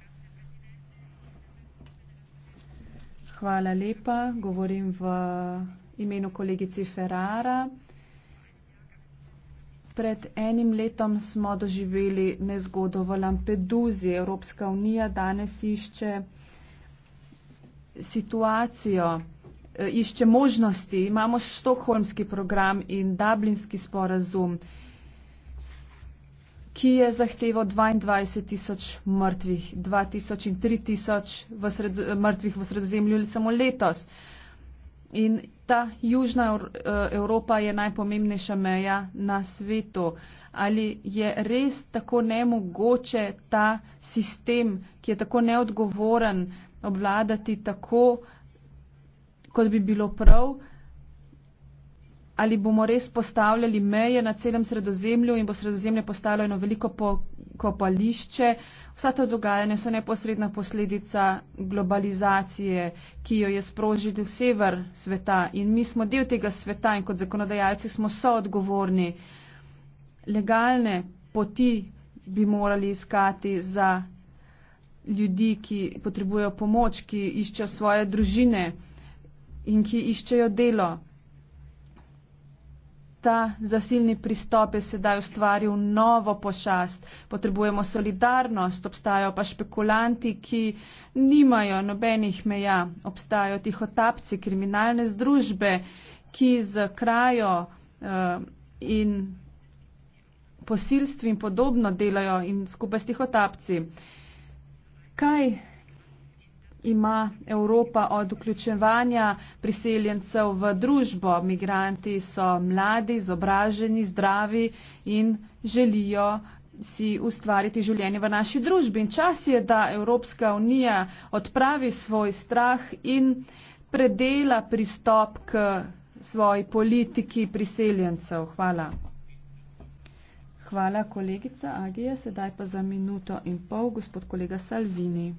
Hvala lepa, govorim v imenu kolegici Ferrara. Pred enim letom smo doživeli nezgodo v Lampeduzi. Evropska unija danes išče situacijo, eh, išče možnosti. Imamo Štokholmski program in Dublinski sporazum, ki je zahteval 22 tisoč mrtvih, 2000 in 3000 mrtvih v sredozemlju ali samo letos. In Ta južna eh, Evropa je najpomembnejša meja na svetu. Ali je res tako nemogoče ta sistem, ki je tako neodgovoren, obvladati tako, kot bi bilo prav? ali bomo res postavljali meje na celem sredozemlju in bo sredozemlje postalo eno veliko pokopališče. Vsa ta dogajanja so neposredna posledica globalizacije, ki jo je sprožil sever sveta in mi smo del tega sveta in kot zakonodajalci smo soodgovorni. Legalne poti bi morali iskati za ljudi, ki potrebujo pomoč, ki iščejo svoje družine in ki iščejo delo. Ta zasilni pristop je sedaj ustvaril novo pošast. Potrebujemo solidarnost, obstajajo pa špekulanti, ki nimajo nobenih meja. Obstajajo tihotapci, kriminalne združbe, ki z krajo uh, in posilstvi in podobno delajo in skupaj s tihotapci. Kaj ima Evropa od vključevanja priseljencev v družbo. Migranti so mladi, izobraženi, zdravi in želijo si ustvariti življenje v naši družbi. In čas je, da Evropska unija odpravi svoj strah in predela pristop k svoji politiki priseljencev. Hvala. Hvala, kolegica Agija. Sedaj pa za minuto in pol, gospod kolega Salvini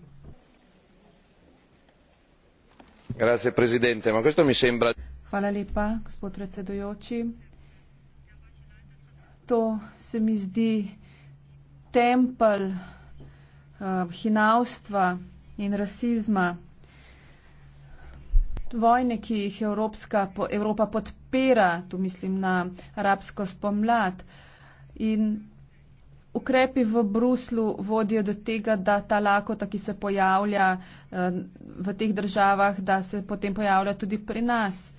to se mi zdi tempelj eh, hinavstva in rasizma vojne, ki jih Evropska, Evropa podpira, tu mislim na arabsko spomlad. In ukrepi v Bruslu vodijo do tega, da ta lakota, ki se pojavlja eh, v teh državah, da se potem pojavlja tudi pri nas.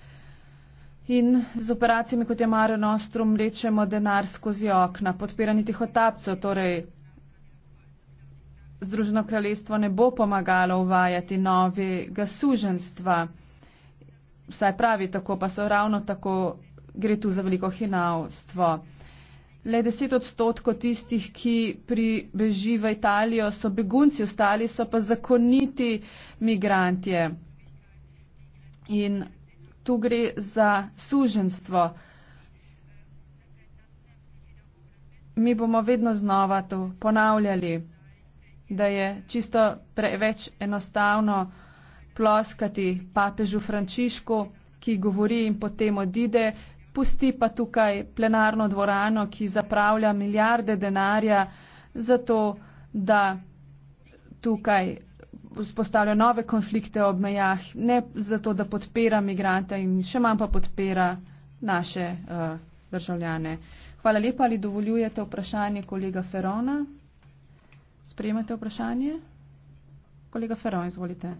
In z operacijami, kot je Mare Nostrum, rečemo denar skozi okna, podpiranje tih otapcev, torej Združeno kraljestvo ne bo pomagalo uvajati novega suženstva. Vsaj pravi tako, pa so ravno tako, gre tu za veliko hinavstvo. Le deset odstotkov tistih, ki pribežijo v Italijo, so begunci, ostali so pa zakoniti migrantje. In tu gre za suženstvo. Mi bomo vedno znova to ponavljali, da je čisto preveč enostavno ploskati papežu Frančišku, ki govori in potem odide, pusti pa tukaj plenarno dvorano, ki zapravlja milijarde denarja za to, da tukaj vzpostavlja nove konflikte ob mejah, ne zato, da podpira migrante in še manj pa podpira naše uh, državljane. Hvala lepa, ali dovoljujete vprašanje kolega Ferona? Sprejmete vprašanje? Kolega Feron, izvolite.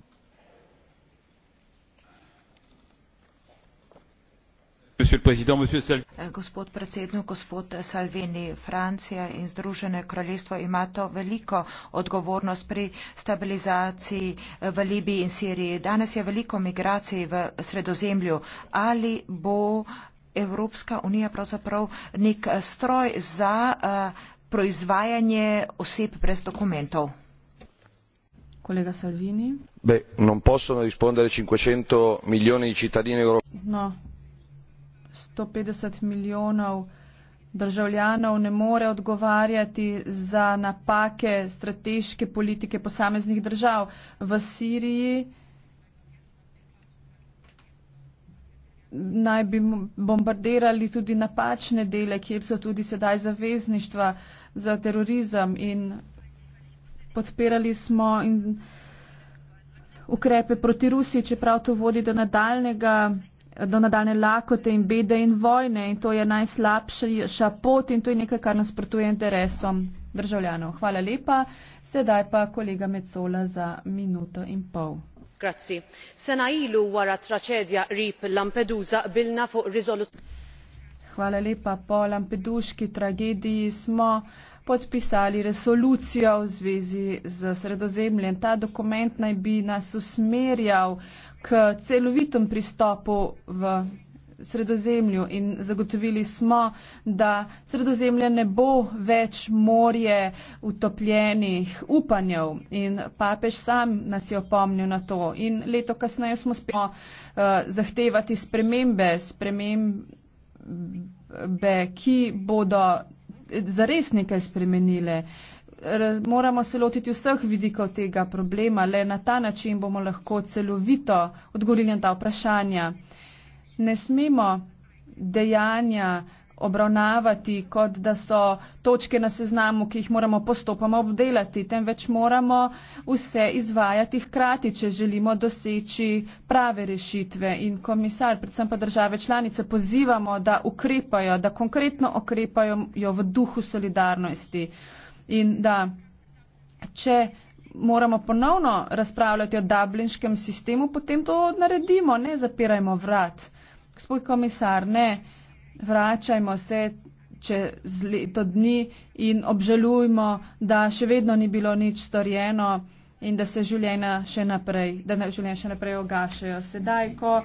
Eh, gospod predsednik, gospod Salvini, Francija in Združene kraljestvo imata veliko odgovornost pri stabilizaciji eh, v Libiji in Siriji. Danes je veliko migracij v sredozemlju. Ali bo Evropska unija pravzaprav nek eh, stroj za proizvajanje oseb brez dokumentov? Kolega Salvini. Beh, non possono rispondere 500 milijoni cittadini Evropske unije. No. 150 milijonov državljanov ne more odgovarjati za napake strateške politike posameznih držav. V Siriji naj bi bombardirali tudi napačne dele, kjer so tudi sedaj zavezništva za terorizem in podpirali smo in ukrepe proti Rusiji, čeprav to vodi do nadaljnega do nadaljne lakote in bede in vojne in to je najslabša pot in to je nekaj, kar nasprotuje interesom državljanov. Hvala lepa. Sedaj pa kolega Mecola za minuto in pol. Hvala lepa. Po Lampeduški tragediji smo podpisali resolucijo v zvezi z sredozemljem. Ta dokument naj bi nas usmerjal, k celovitem pristopu v sredozemlju in zagotovili smo, da sredozemlje ne bo več morje utopljenih upanjev in papež sam nas je opomnil na to in leto kasneje smo spet uh, zahtevati spremembe, spremembe, ki bodo zares nekaj spremenile. Uh, moramo se lotiti vseh vidikov tega problema, le na ta način bomo lahko celovito odgovorili na ta vprašanja. Ne smemo dejanja obravnavati, kot da so točke na seznamu, ki jih moramo postopoma obdelati, temveč moramo vse izvajati hkrati, če želimo doseči prave rešitve. In komisar, predvsem pa države članice, pozivamo, da ukrepajo, da konkretno ukrepajo v duhu solidarnosti in da če moramo ponovno razpravljati o dublinskem sistemu, potem to naredimo, ne zapirajmo vrat. Gospod komisar, ne vračajmo se čez leto dni in obžalujmo, da še vedno ni bilo nič storjeno in da se življenja še naprej, da življenja še naprej ogašajo. Sedaj, ko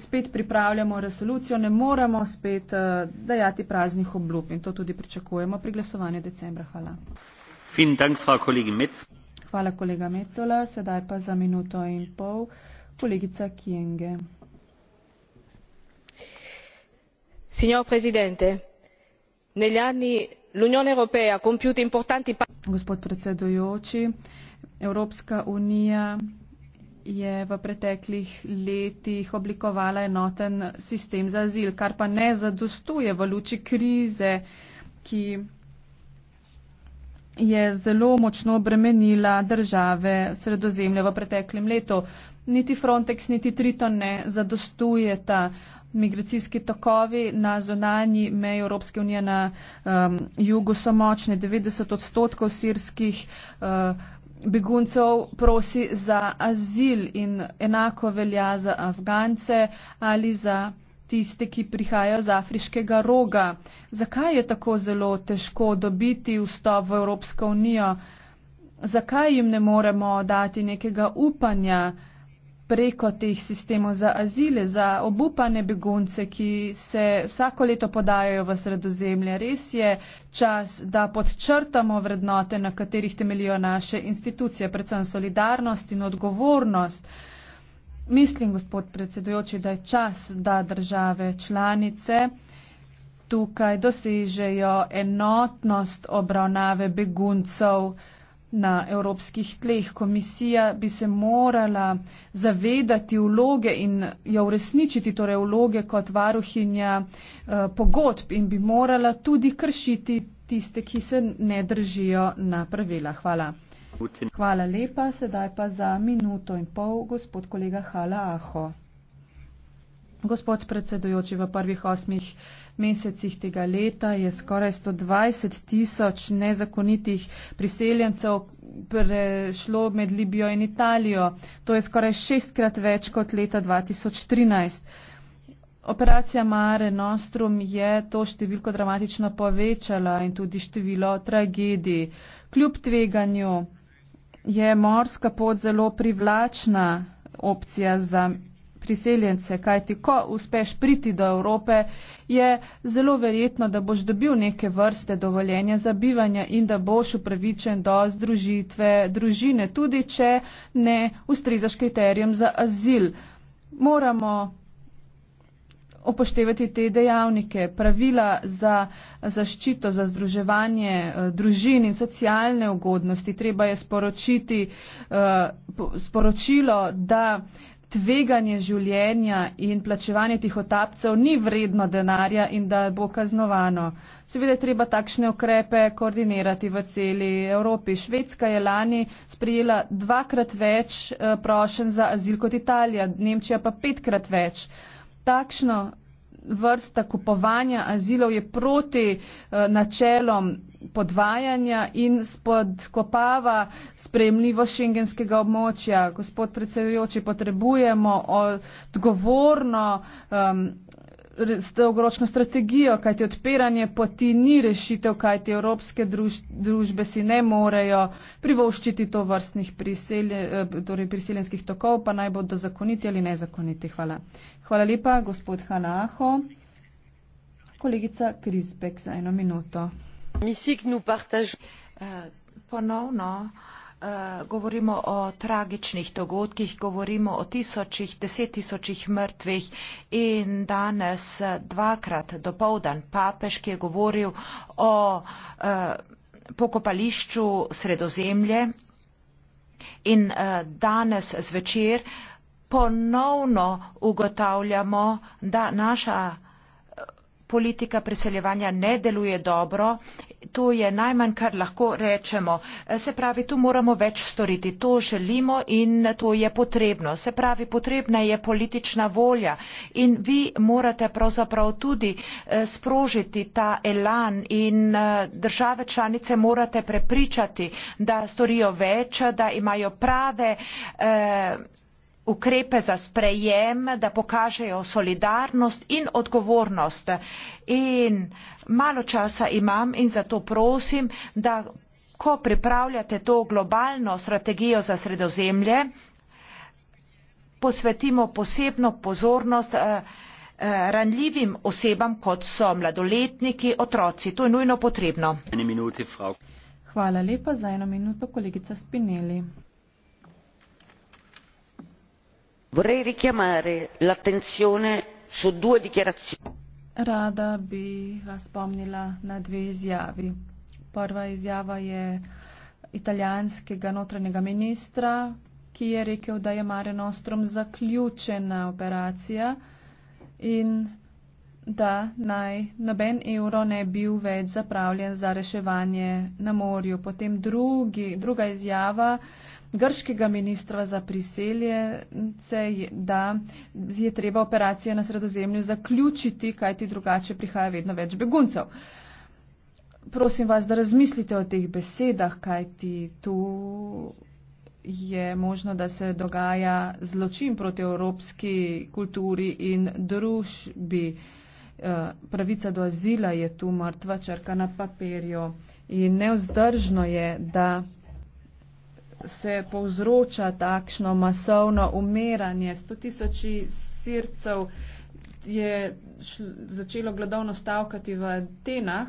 spet pripravljamo resolucijo, ne moremo spet uh, dajati praznih obljub in to tudi pričakujemo pri glasovanju decembra. Hvala. Hvala kolega Mecola, sedaj pa za minuto in pol kolegica Kienge. Gospod predsedujoči, Evropska unija je v preteklih letih oblikovala enoten sistem za azil, kar pa ne zadostuje v luči krize, ki je zelo močno obremenila države sredozemlje v preteklem letu. Niti Frontex, niti Triton ne zadostuje ta migracijski tokovi na zonanji meji Evropske unije na um, jugu so močni. 90 odstotkov sirskih uh, beguncev prosi za azil in enako velja za Afgance ali za tiste, ki prihajajo z afriškega roga. Zakaj je tako zelo težko dobiti vstop v Evropsko unijo? Zakaj jim ne moremo dati nekega upanja? preko teh sistemov za azile, za obupane begunce, ki se vsako leto podajajo v sredozemlje. Res je čas, da podčrtamo vrednote, na katerih temelijo naše institucije, predvsem solidarnost in odgovornost. Mislim, gospod predsedujoči, da je čas, da države članice tukaj dosežejo enotnost obravnave beguncev na evropskih tleh. Komisija bi se morala zavedati vloge in jo uresničiti, torej vloge kot varuhinja eh, pogodb in bi morala tudi kršiti tiste, ki se ne držijo na pravila. Hvala. Hvala lepa. Sedaj pa za minuto in pol gospod kolega Hala Aho. Gospod predsedujoči v prvih osmih mesecih tega leta je skoraj 120 tisoč nezakonitih priseljencev prešlo med Libijo in Italijo. To je skoraj šestkrat več kot leta 2013. Operacija Mare Nostrum je to številko dramatično povečala in tudi število tragedij. Kljub tveganju je morska pot zelo privlačna opcija za priseljence, kajti ko uspeš priti do Evrope, je zelo verjetno, da boš dobil neke vrste dovoljenja za bivanje in da boš upravičen do združitve družine, tudi če ne ustrezaš kriterijem za azil. Moramo upoštevati te dejavnike, pravila za zaščito, za združevanje eh, družin in socialne ugodnosti. Treba je sporočiti, eh, sporočilo, da tveganje življenja in plačevanje tih otapcev ni vredno denarja in da bo kaznovano. Seveda je treba takšne ukrepe koordinirati v celi Evropi. Švedska je lani sprijela dvakrat več eh, prošen za azil kot Italija, Nemčija pa petkrat več. Takšno vrsta kupovanja azilov je proti eh, načelom podvajanja in spodkopava spremljivo šengenskega območja. Gospod predsedujoči, potrebujemo odgovorno um, dolgoročno strategijo, kajti odpiranje poti ni rešitev, kajti evropske druž, družbe si ne morejo privoščiti to vrstnih priselje, eh, torej priseljenskih tokov, pa naj bodo zakoniti ali nezakoniti. Hvala. Hvala lepa, gospod Hanaho. Kolegica Krizbek za eno minuto. Eh, ponovno eh, govorimo o tragičnih dogodkih govorimo o tisočih desettisočih mrtvih in danes dvakrat dopoldan papež ki je govoril o eh, pokopališču sredozemlje in danes zvečer ponovno ugotavljamo da naša politika preseljevanja ne deluje dobro. To je najmanj, kar lahko rečemo. Se pravi, tu moramo več storiti. To želimo in to je potrebno. Se pravi, potrebna je politična volja in vi morate pravzaprav tudi eh, sprožiti ta elan in eh, države članice morate prepričati, da storijo več, da imajo prave eh, ukrepe za sprejem, da pokažejo solidarnost in odgovornost. In malo časa imam in zato prosim, da ko pripravljate to globalno strategijo za sredozemlje, posvetimo posebno pozornost eh, eh, ranljivim osebam, kot so mladoletniki, otroci. To je nujno potrebno. Hvala lepa za eno minuto, kolegica Spinelli. vorrei richiamare l'attenzione su due dichiarazioni. Rada bi vas spomnila na dve izjavi. Prva izjava je italijanskega notranjega ministra, ki je rekel, da je Mare Nostrom zaključena operacija in da naj noben evro ne bil več zapravljen za reševanje na morju. Potem drugi, druga izjava grškega ministra za priseljence, da je treba operacije na sredozemlju zaključiti, kajti drugače prihaja vedno več beguncev. Prosim vas, da razmislite o teh besedah, kajti tu je možno, da se dogaja zločin proti evropski kulturi in družbi. Eh, pravica do azila je tu mrtva črka na papirju in neozdržno je, da se povzroča takšno masovno umiranje. 100 tisoči sircev je začelo gladovno stavkati v Atenah.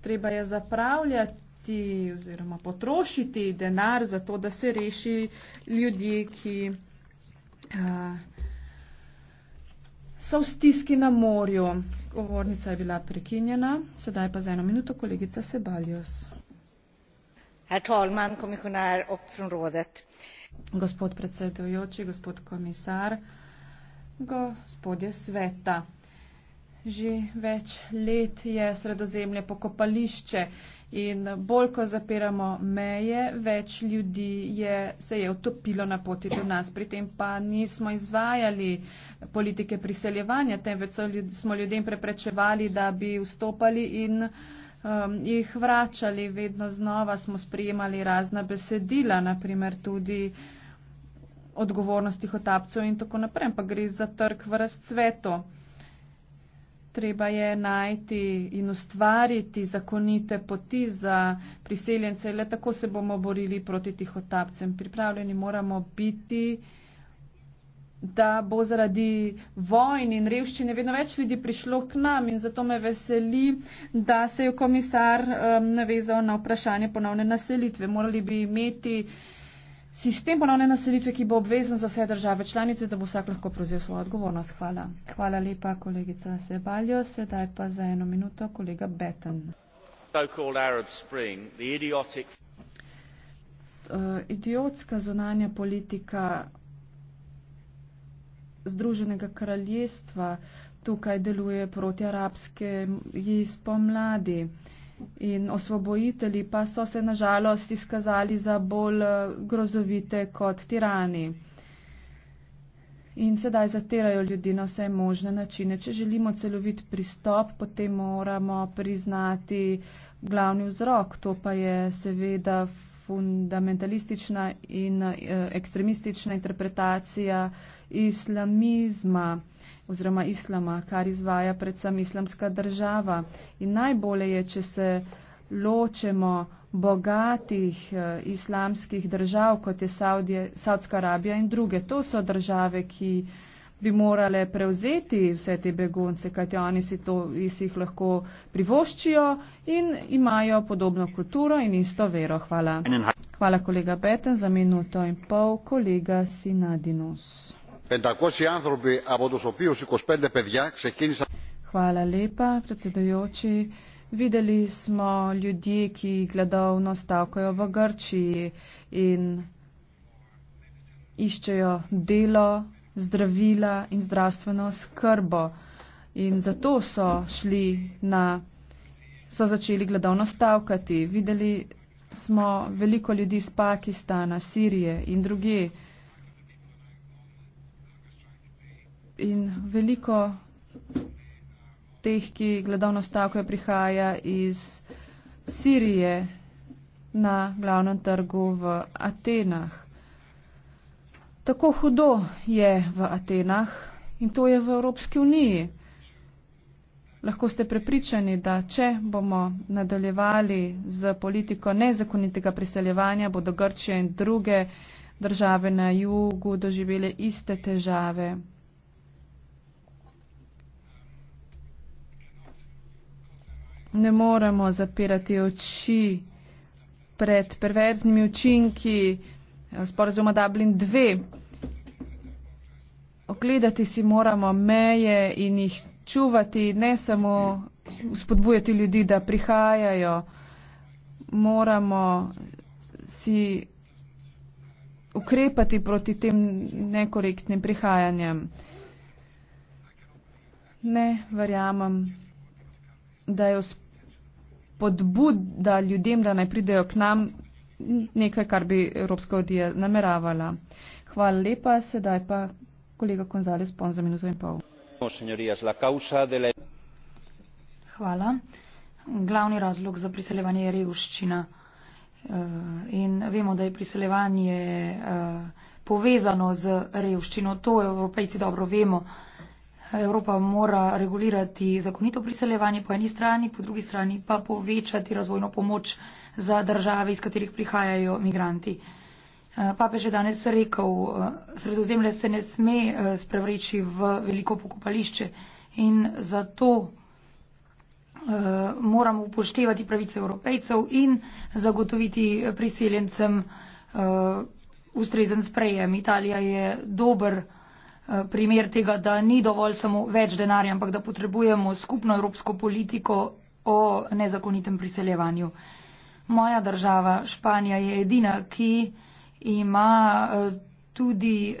Treba je zapravljati oziroma potrošiti denar za to, da se reši ljudi, ki uh, so v stiski na morju. Govornica je bila prekinjena, sedaj pa za eno minuto kolegica Sebaljos gospod predsedujoči gospod komisar gospodje sveta že več let je sredozemlje pokopališče in bolj ko zapiramo meje več ljudi je se je utopilo na poti do nas pri tem pa nismo izvajali politike priseljevanja temveč so ljud, smo ljudem preprečevali da bi vstopali in um, jih vračali, vedno znova smo sprejemali razna besedila, naprimer tudi odgovornosti hotapcev in tako naprej, pa gre za trg v razcvetu. Treba je najti in ustvariti zakonite poti za priseljence, le tako se bomo borili proti tih hotapcem. Pripravljeni moramo biti da bo zaradi vojn in revščine vedno več ljudi prišlo k nam in zato me veseli, da se je komisar um, navezal na vprašanje ponovne naselitve. Morali bi imeti sistem ponovne naselitve, ki bo obvezen za vse države članice, da bo vsak lahko prevzel svojo odgovornost. Hvala. Hvala lepa, kolegica Sebaljo. Sedaj pa za eno minuto kolega Beten. Uh, idiotska zunanja politika Združenega kraljestva, tukaj deluje proti arabske ji spomladi. In osvoboditelji pa so se nažalost izkazali za bolj eh, grozovite kot tirani. In sedaj zatirajo ljudi na vse možne načine. Če želimo celovit pristop, potem moramo priznati glavni vzrok, to pa je seveda fundamentalistična in eh, ekstremistična interpretacija islamizma oziroma islama, kar izvaja predvsem islamska država. In najbolje je, če se ločemo bogatih eh, islamskih držav, kot je Saudija, Saudska Arabija in druge. To so države, ki bi morale prevzeti vse te begunce, kajti oni si to jih lahko privoščijo in imajo podobno kulturo in isto vero. Hvala. Hvala, kolega Beten, za minuto in pol, kolega Sinadinus. Hvala lepa, predsedujoči. Videli smo ljudje, ki gledovno stavkajo v Grčiji in iščejo delo zdravila in zdravstveno skrbo. In zato so šli na, so začeli gledovno stavkati. Videli smo veliko ljudi iz Pakistana, Sirije in druge. In veliko teh, ki gledovno stavkajo, prihaja iz Sirije na glavnem trgu v Atenah. Tako hudo je v Atenah in to je v Evropski uniji. Lahko ste prepričani, da če bomo nadaljevali z politiko nezakonitega priseljevanja, bodo Grčija in druge države na jugu doživele iste težave. Ne moremo zapirati oči pred perverznimi učinki sporozuma Dublin 2. Ogledati si moramo meje in jih čuvati, ne samo spodbujati ljudi, da prihajajo. Moramo si ukrepati proti tem nekorektnim prihajanjem. Ne verjamem, da je spodbuda ljudem, da naj pridejo k nam, nekaj, kar bi Evropska unija nameravala. Hvala lepa, sedaj pa kolega Gonzales Pon za minuto in pol. Hvala. Glavni razlog za priseljevanje je revščina. Eh, in vemo, da je priseljevanje eh, povezano z revščino. To evropejci dobro vemo. Evropa mora regulirati zakonito priseljevanje po eni strani, po drugi strani pa povečati razvojno pomoč za države, iz katerih prihajajo migranti. Eh, papež je danes rekel, eh, sredozemlje se ne sme eh, spreveči v veliko pokopališče in zato moramo upoštevati pravice evropejcev in zagotoviti priseljencem ustrezen sprejem. Italija je dober primer tega, da ni dovolj samo več denarja, ampak da potrebujemo skupno evropsko politiko o nezakonitem priseljevanju moja država, Španija, je edina, ki ima e, tudi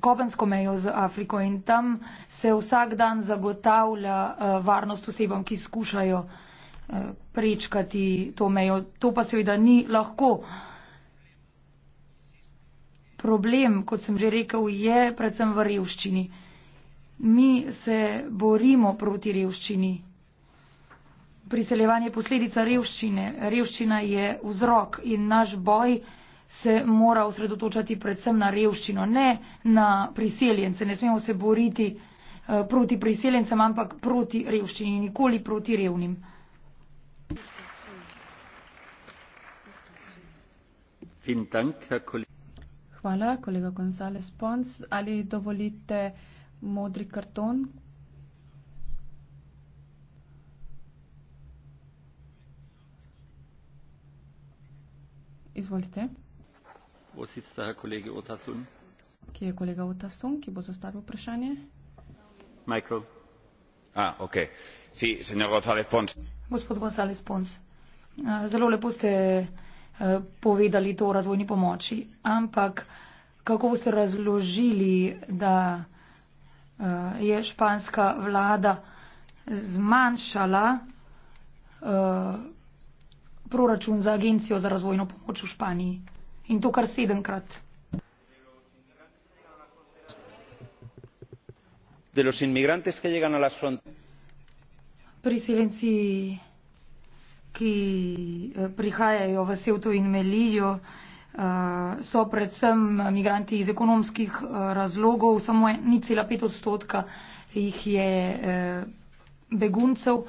kopensko mejo z Afriko in tam se vsak dan zagotavlja e, varnost osebam, ki skušajo e, prečkati to mejo. To pa seveda ni lahko. Problem, kot sem že rekel, je predvsem v revščini. Mi se borimo proti revščini priseljevanje je posledica revščine. Revščina je vzrok in naš boj se mora osredotočati predvsem na revščino, ne na priseljence. Ne smemo se boriti eh, proti priseljencem, ampak proti revščini, nikoli proti revnim. Hvala, kolega Gonzales Pons. Ali dovolite modri karton, Izvolite. Bo sicer kolega Otasun. Kje je kolega Otasun, ki bo zastavil vprašanje? Michael. Ah, ok. Si, senjor González Pons. Gospod González Pons, zelo lepo ste povedali to o razvojni pomoči, ampak kako boste razložili, da je španska vlada zmanjšala proračun za agencijo za razvojno pomoč v Španiji. In to kar sedemkrat. Priseljenci, ki eh, prihajajo v Sevto in Melijo, eh, so predvsem migranti iz ekonomskih eh, razlogov, samo 0,5 odstotka jih je beguncev.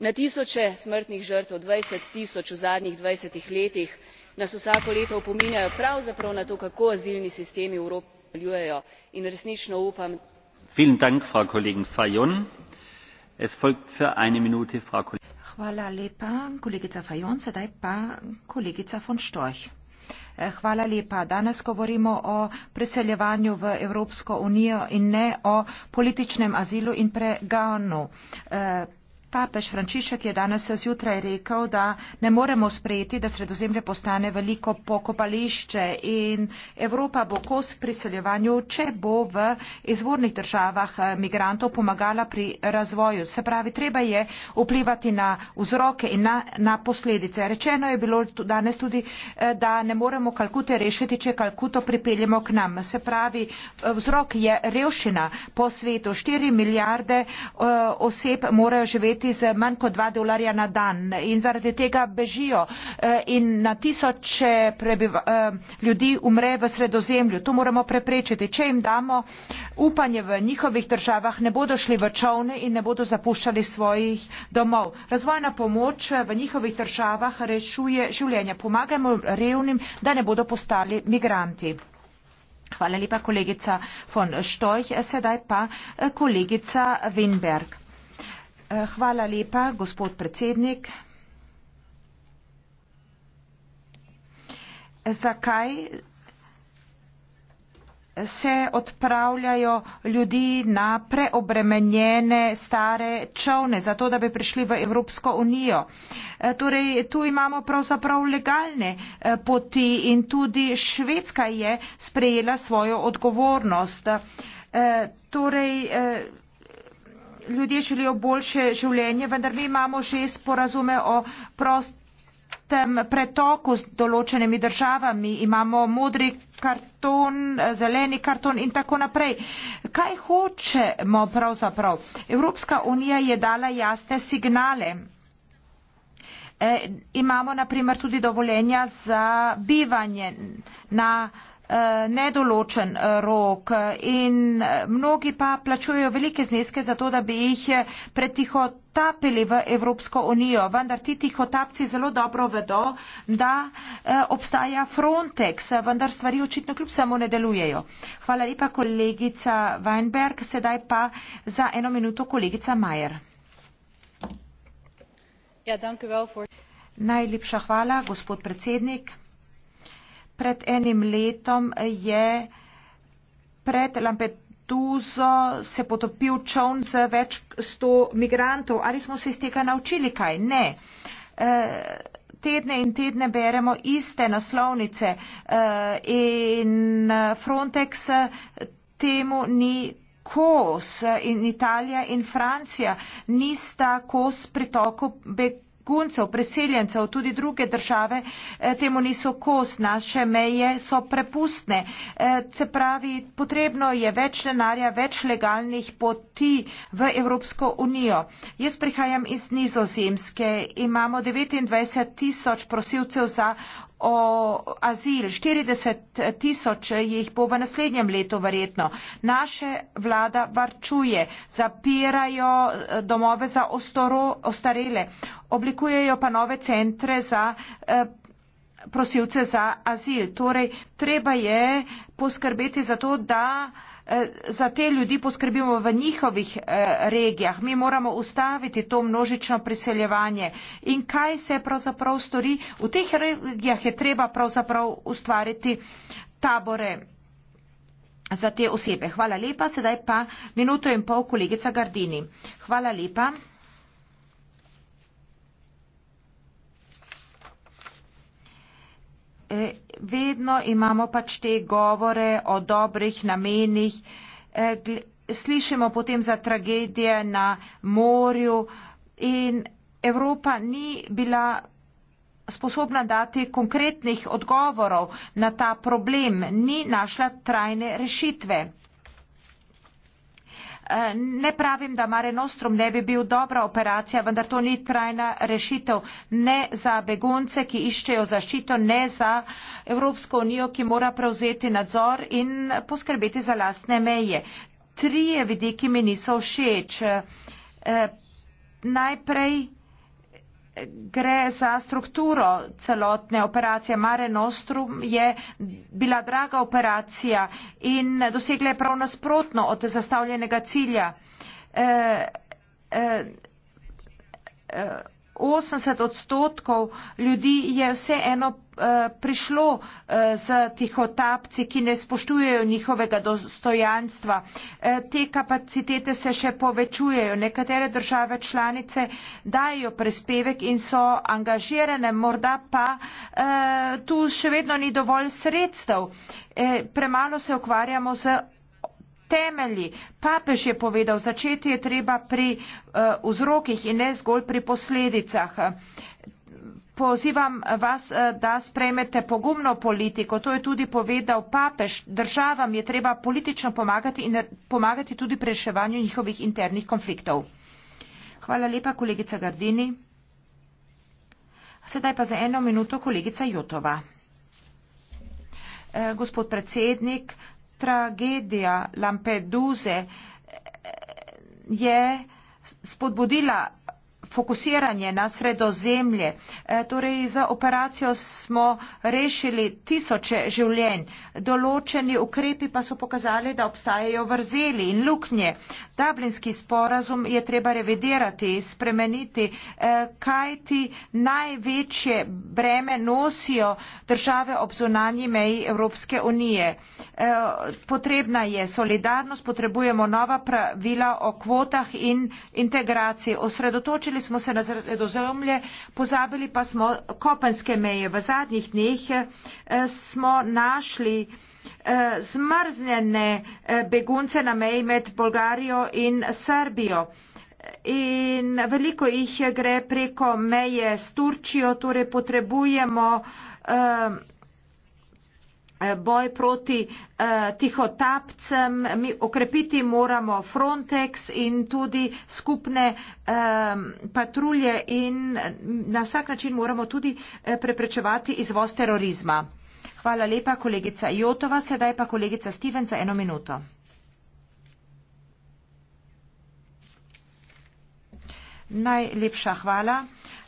na tisoče smrtnih žrtev dvajset tisoč v zadnjih dvajsetih letih nas vsako leto opominjajo pravzaprav na to kako azilni sistemi v evropi delujejo in resnično upam. Eh, danes govorimo o preseljevanju v evropsko unijo in ne o političnem azilu in preganu. Eh, Papež Frančišek je danes zjutraj rekel, da ne moremo sprejeti, da sredozemlje postane veliko pokopališče in Evropa bo kos priseljevanju, če bo v izvornih državah eh, migrantov pomagala pri razvoju. Se pravi, treba je vplivati na vzroke in na, na posledice. Rečeno je bilo danes tudi, eh, da ne moremo kalkute rešiti, če kalkuto pripeljemo k nam. Se pravi, eh, vzrok je revšina po svetu. 4 milijarde uh, oseb morajo živeti živeti z manj kot dva dolarja na dan in zaradi tega bežijo eh, in na tisoče prebiva, eh, ljudi umre v sredozemlju. To moramo preprečiti. Če jim damo upanje v njihovih državah, ne bodo šli v čovne in ne bodo zapuščali svojih domov. Razvojna pomoč eh, v njihovih državah rešuje življenje. Pomagajmo revnim, da ne bodo postali migranti. Hvala lepa kolegica von Stoj, sedaj pa kolegica Winberg. Eh, hvala lepa, gospod predsednik. Zakaj se odpravljajo ljudi na preobremenjene stare čovne, zato da bi prišli v Evropsko unijo? Eh, torej, tu imamo pravzaprav legalne eh, poti in tudi Švedska je sprejela svojo odgovornost. Torej, ljudje želijo boljše življenje, vendar mi imamo že sporazume o prostem pretoku z določenimi državami, imamo modri karton, zeleni karton in tako naprej. Kaj hočemo pravzaprav? Evropska unija je dala jasne signale. E, imamo naprimer tudi dovoljenja za bivanje na Eh, nedoločen eh, rok in eh, mnogi pa plačujejo velike zneske za to, da bi jih pretiho tapili v Evropsko unijo. Vendar ti tih otapci zelo dobro vedo, da obstaja Frontex, vendar stvari očitno kljub samo ne delujejo. Hvala lepa kolegica Weinberg, sedaj pa za eno minuto kolegica Majer. Ja, Najlepša hvala, gospod predsednik pred enim letom je pred Lampeduzo se potopil čovn z več sto migrantov. Ali smo se iz tega naučili kaj? Ne. E, tedne in tedne beremo iste naslovnice e, in Frontex temu ni kos in Italija in Francija nista kos pritoku beg beguncev, preseljencev, tudi druge države eh, temu niso kos, naše meje so prepustne. Eh, se pravi, potrebno je več denarja, več legalnih poti v Evropsko unijo. Jaz prihajam iz Nizozemske, imamo 29 tisoč prosilcev za o azil. 40 tisoč jih bo v naslednjem letu verjetno. Naše vlada varčuje, zapirajo eh, domove za ostoro, ostarele, oblikujejo pa nove centre za eh, prosilce za azil. Torej, treba je poskrbeti za to, da Eh, za te ljudi poskrbimo v njihovih eh, regijah. Mi moramo ustaviti to množično priseljevanje. In kaj se pravzaprav stori? V teh regijah je treba pravzaprav ustvariti tabore za te osebe. Hvala lepa. Sedaj pa minuto in pol kolegica Gardini. Hvala lepa. E, vedno imamo pač te govore o dobrih namenih, e, slišimo potem za tragedije na morju in Evropa ni bila sposobna dati konkretnih odgovorov na ta problem, ni našla trajne rešitve ne pravim, da Mare Nostrum ne bi bil dobra operacija, vendar to ni trajna rešitev ne za begunce, ki iščejo zaščito, ne za Evropsko unijo, ki mora prevzeti nadzor in poskrbeti za lastne meje. Trije vidiki mi niso všeč. Eh, najprej gre za strukturo celotne operacije Mare Nostrum, je bila draga operacija in dosegla je prav nasprotno od zastavljenega cilja. Eh, eh, eh, 80 odstotkov ljudi je vseeno eh, prišlo z eh, tihotapci, ki ne spoštujejo njihovega dostojanstva. Eh, te kapacitete se še povečujejo. Nekatere države članice dajo prispevek in so angažirane, morda pa tu še vedno ni dovolj sredstev. Premalo se ukvarjamo z temelji. Papež je povedal, začeti je treba pri eh, vzrokih in ne zgolj pri posledicah. Pozivam vas, eh, da sprejmete pogumno politiko. To je tudi povedal papež. Državam je treba politično pomagati in eh, pomagati tudi pri reševanju njihovih internih konfliktov. Hvala lepa, kolegica Gardini. Sedaj pa za eno minuto kolegica Jotova. Gospod predsednik, tragedija Lampeduse eh, je spodbudila fokusiranje na sredozemlje. E, torej, za operacijo smo rešili tisoče življenj. Določeni ukrepi pa so pokazali, da obstajajo vrzeli in luknje. Dublinski sporazum je treba revidirati, spremeniti, eh, kajti največje breme nosijo države ob zunanji meji Evropske unije. Eh, potrebna je solidarnost, potrebujemo nova pravila o kvotah in integraciji. Osredotočili smo se na zredozemlje, pozabili pa smo kopenske meje. V zadnjih dneh eh, smo našli Eh, zmrznjene eh, begunce na meji med Bolgarijo in Srbijo. In veliko jih gre preko meje s Turčijo, torej potrebujemo eh, boj proti tihotapcem, mi okrepiti moramo Frontex in tudi skupne patrulje in na vsak način moramo tudi preprečevati izvoz terorizma. Hvala lepa, kolegica Jotova. Sedaj pa kolegica Steven za eno minuto. Najlepša hvala,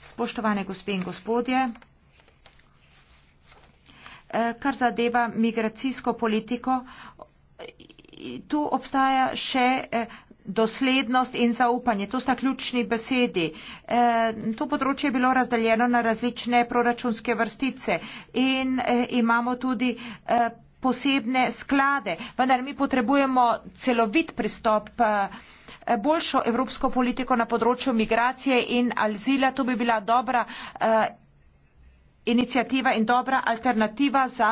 spoštovane gospe in gospodje. Eh, kar zadeva migracijsko politiko, eh, tu obstaja še eh, doslednost in zaupanje. To sta ključni besedi. E, to področje je bilo razdeljeno na različne proračunske vrstice in e, imamo tudi e, posebne sklade, vendar mi potrebujemo celovit pristop. E, e boljšo evropsko politiko na področju migracije in alzila, to bi bila dobra eh, inicijativa in dobra alternativa za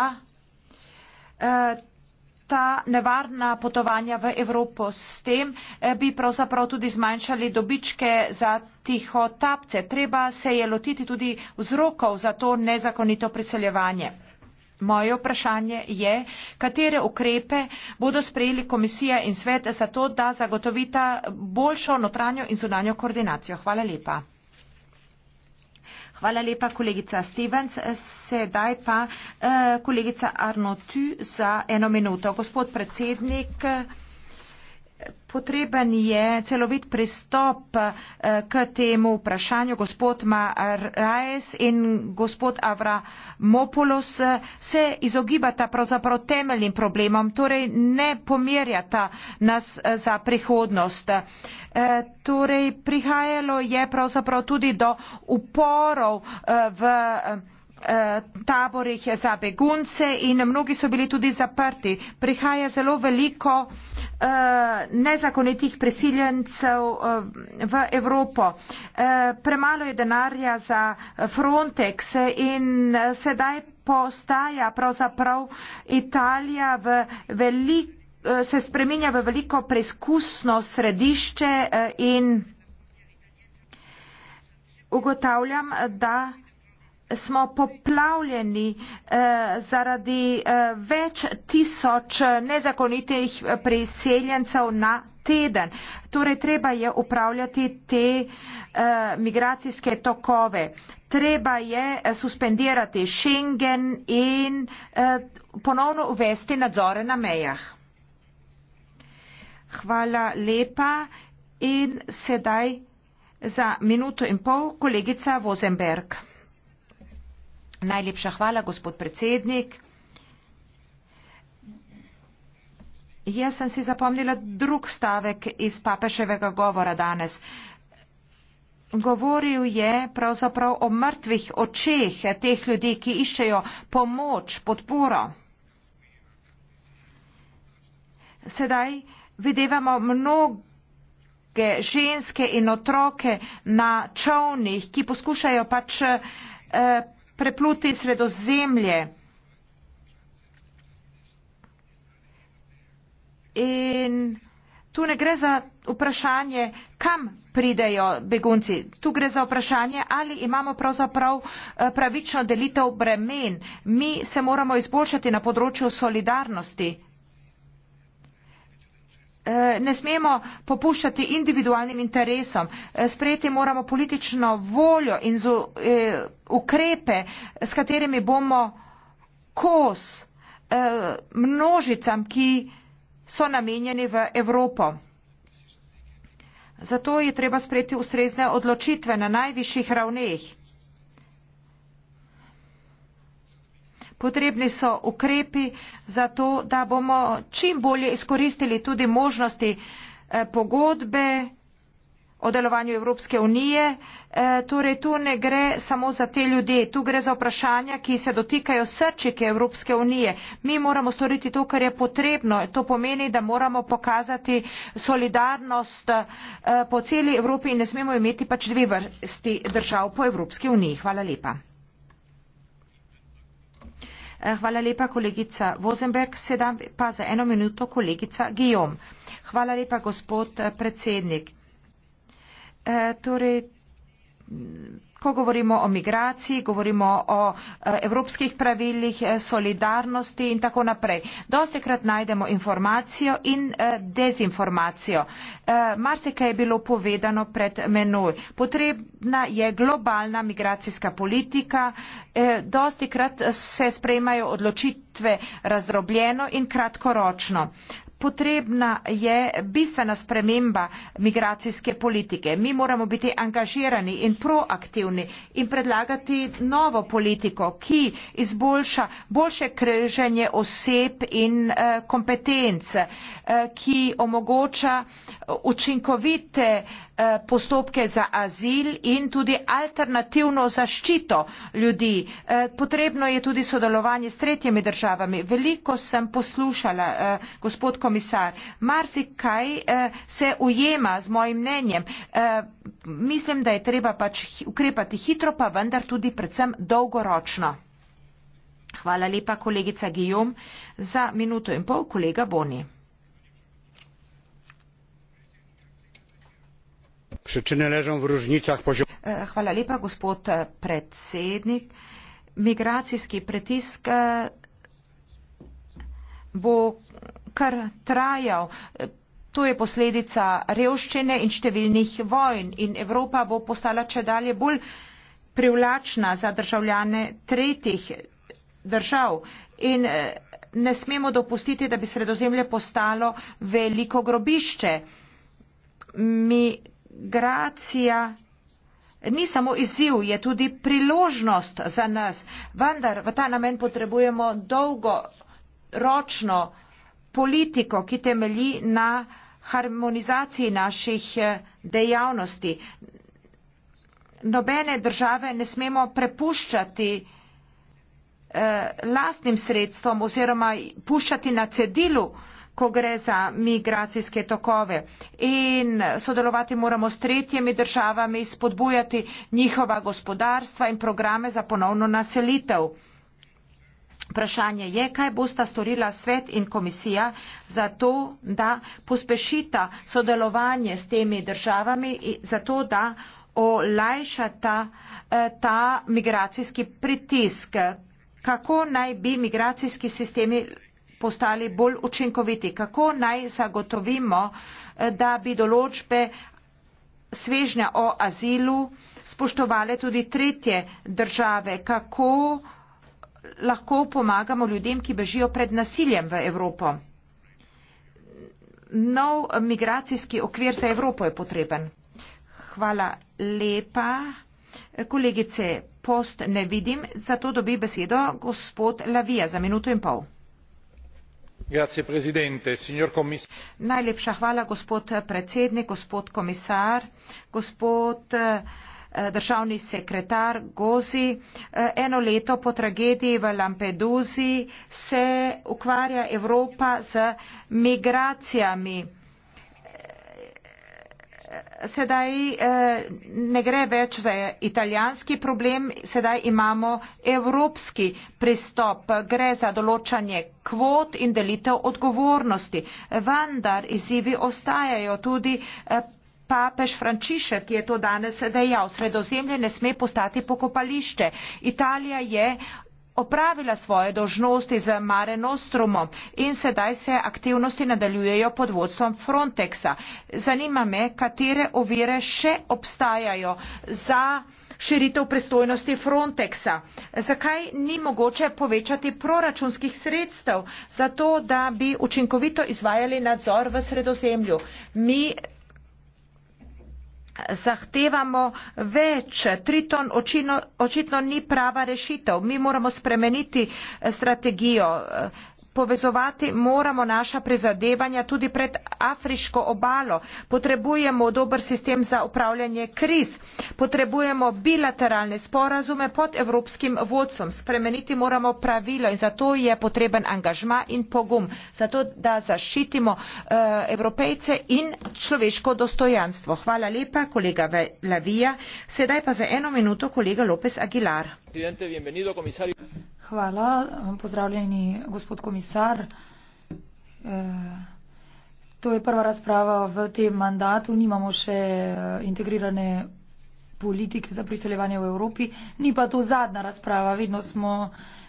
eh, ta nevarna potovanja v Evropo. S tem eh, bi pravzaprav tudi zmanjšali dobičke za tiho tapce. Treba se je lotiti tudi vzrokov za to nezakonito priseljevanje. Moje vprašanje je, katere ukrepe bodo sprejeli komisija in svet za to, da zagotovita boljšo notranjo in zunanjo koordinacijo. Hvala lepa. Hvala lepa, kolegica Stevens. Sedaj pa eh, kolegica Arnotu za eno minuto. Gospod predsednik. Eh, potreben je celovit pristop eh, k temu vprašanju. Gospod Marais in gospod Avramopoulos eh, se izogibata pravzaprav temeljnim problemom, torej ne pomerjata nas eh, za prihodnost. Torej prihajalo je pravzaprav tudi do uporov v Eh, taborih za begunce in mnogi so bili tudi zaprti. Prihaja zelo veliko eh, nezakonitih prisiljencev eh, v Evropo. Premalo je denarja za Frontex in sedaj postaja pravzaprav Italija v veliko se spreminja v veliko preizkusno središče in ugotavljam, da smo poplavljeni eh, zaradi eh, več tisoč nezakonitih priseljencev na teden. Torej, treba je upravljati te eh, migracijske tokove. Treba je eh, suspendirati Schengen in eh, ponovno uvesti nadzore na mejah. Hvala lepa in sedaj za minuto in pol kolegica Vozenberg. Najlepša hvala, gospod predsednik. Jaz sem si zapomnila drug stavek iz papeševega govora danes. Govoril je pravzaprav o mrtvih očeh teh ljudi, ki iščejo pomoč, podporo. Sedaj videvamo mnoge ženske in otroke na čovnih, ki poskušajo pač eh, prepluti sredozemlje in tu ne gre za vprašanje, kam pridejo begunci. Tu gre za vprašanje, ali imamo pravzaprav eh, pravično delitev bremen. Mi se moramo izboljšati na področju solidarnosti. Eh, ne smemo popuščati individualnim interesom eh, sprejeti moramo politično voljo in z, eh, ukrepe s katerimi bomo kos eh, množicam ki so namenjeni v Evropo. Zato je treba sprejeti ustrezne odločitve na najvišjih ravneh. Potrebni so ukrepi za to, da bomo čim bolje izkoristili tudi možnosti eh, pogodbe o delovanju Evropske unije. Eh, torej, tu ne gre samo za te ljudi, tu gre za vprašanja, ki se dotikajo srčike Evropske unije. Mi moramo storiti to, kar je potrebno. To pomeni, da moramo pokazati solidarnost eh, po celi Evropi in ne smemo imeti pač dve vrsti držav po Evropski uniji. Hvala lepa. Eh, hvala lepa, kolegica Vozenberg. Sedaj pa za eno minuto, kolegica Gijom. Hvala lepa, gospod eh, predsednik. E, torej, ko govorimo o migraciji, govorimo o eh, evropskih pravilih, eh, solidarnosti in tako naprej. Dostikrat najdemo informacijo in eh, dezinformacijo. Marsikaj je bilo povedano pred menoj. Potrebna je globalna migracijska politika. Dostikrat se sprejmajo odločitve razdrobljeno in kratkoročno potrebna je bistvena sprememba migracijske politike. Mi moramo biti angažirani in proaktivni in predlagati novo politiko, ki izboljša boljše kreženje oseb in eh, kompetence, eh, ki omogoča eh, učinkovite Eh, postopke za azil in tudi alternativno zaščito ljudi. Eh, potrebno je tudi sodelovanje s tretjimi državami. Veliko sem poslušala, eh, gospod komisar, marsikaj se ujema z mojim mnenjem. Mislim, da je treba pač ukrepati hitro, pa vendar tudi predvsem dolgoročno. Hvala lepa, kolegica Gijom, za minuto in pol, kolega Boni. Przyczyny leżą w różnicach poziomu. E, hvala lepa, gospod e, predsednik. Migracijski pritisk e, bo kar trajal. To je posledica revščine in številnih vojn in Evropa bo postala če dalje bolj privlačna za državljane tretjih držav. In ne smemo dopustiti, da bi sredozemlje postalo veliko grobišče. Mi migracija ni samo izziv, je tudi priložnost za nas. Vendar v ta namen potrebujemo dolgoročno politiko, ki temelji na harmonizaciji naših eh, dejavnosti. Nobene države ne smemo prepuščati eh, lastnim sredstvom oziroma puščati na cedilu eh, ko gre za migracijske tokove. In sodelovati moramo s tretjimi državami, spodbujati njihova gospodarstva in programe za ponovno naselitev. Vprašanje je, kaj bosta storila svet in komisija za to, da pospešita sodelovanje s temi državami, za to, da olajša ta, eh, ta migracijski pritisk. Kako naj bi migracijski sistemi postali bolj učinkoviti. Kako naj zagotovimo, eh, da bi določbe svežnja o azilu spoštovale tudi tretje države? Kako lahko pomagamo ljudem, ki bežijo pred nasiljem v Evropo? Nov migracijski okvir za Evropo je potreben. Hvala lepa. Kolegice, post ne vidim, zato dobi besedo gospod Lavija za minuto in pol najlepša hvala gospod predsednik gospod komisar gospod eh, državni sekretar gozi eh, eno leto po tragediji v lampeduzi se ukvarja evropa z migracijami sedaj eh, ne gre več za italijanski problem, sedaj imamo evropski pristop, gre za določanje kvot in delitev odgovornosti. Vendar izzivi ostajajo tudi eh, papež Frančišek je to danes dejal. Sredozemlje ne sme postati pokopališče. Italija je opravila svoje dožnosti z Mare Nostrumom in sedaj se aktivnosti nadaljujejo pod vodstvom Frontexa. Zanima me, katere ovire še obstajajo za širitev pristojnosti Frontexa. Zakaj ni mogoče povečati proračunskih sredstev za to, da bi učinkovito izvajali nadzor v sredozemlju? Mi zahtevamo več. Triton očino, očitno ni prava rešitev. Mi moramo spremeniti eh, strategijo. Eh, povezovati moramo naša prizadevanja tudi pred afriško obalo potrebujemo dober sistem za upravljanje kriz potrebujemo bilateralne sporazume pod evropskim vodstvom spremeniti moramo pravilo in zato je potreben angažma in pogum zato da zaščitimo uh, evropejce in človeško dostojanstvo hvala lepa kolega lavija sedaj pa za eno minuto kolega lopez aguilar Presidente, bienvenido, comisario. Hvala. Pozdravljeni, gospod komisar. Eh, to je prva razprava v tem mandatu. Nimamo še eh, integrirane politike za priseljevanje v Evropi. Ni pa to zadnja razprava. Vedno smo,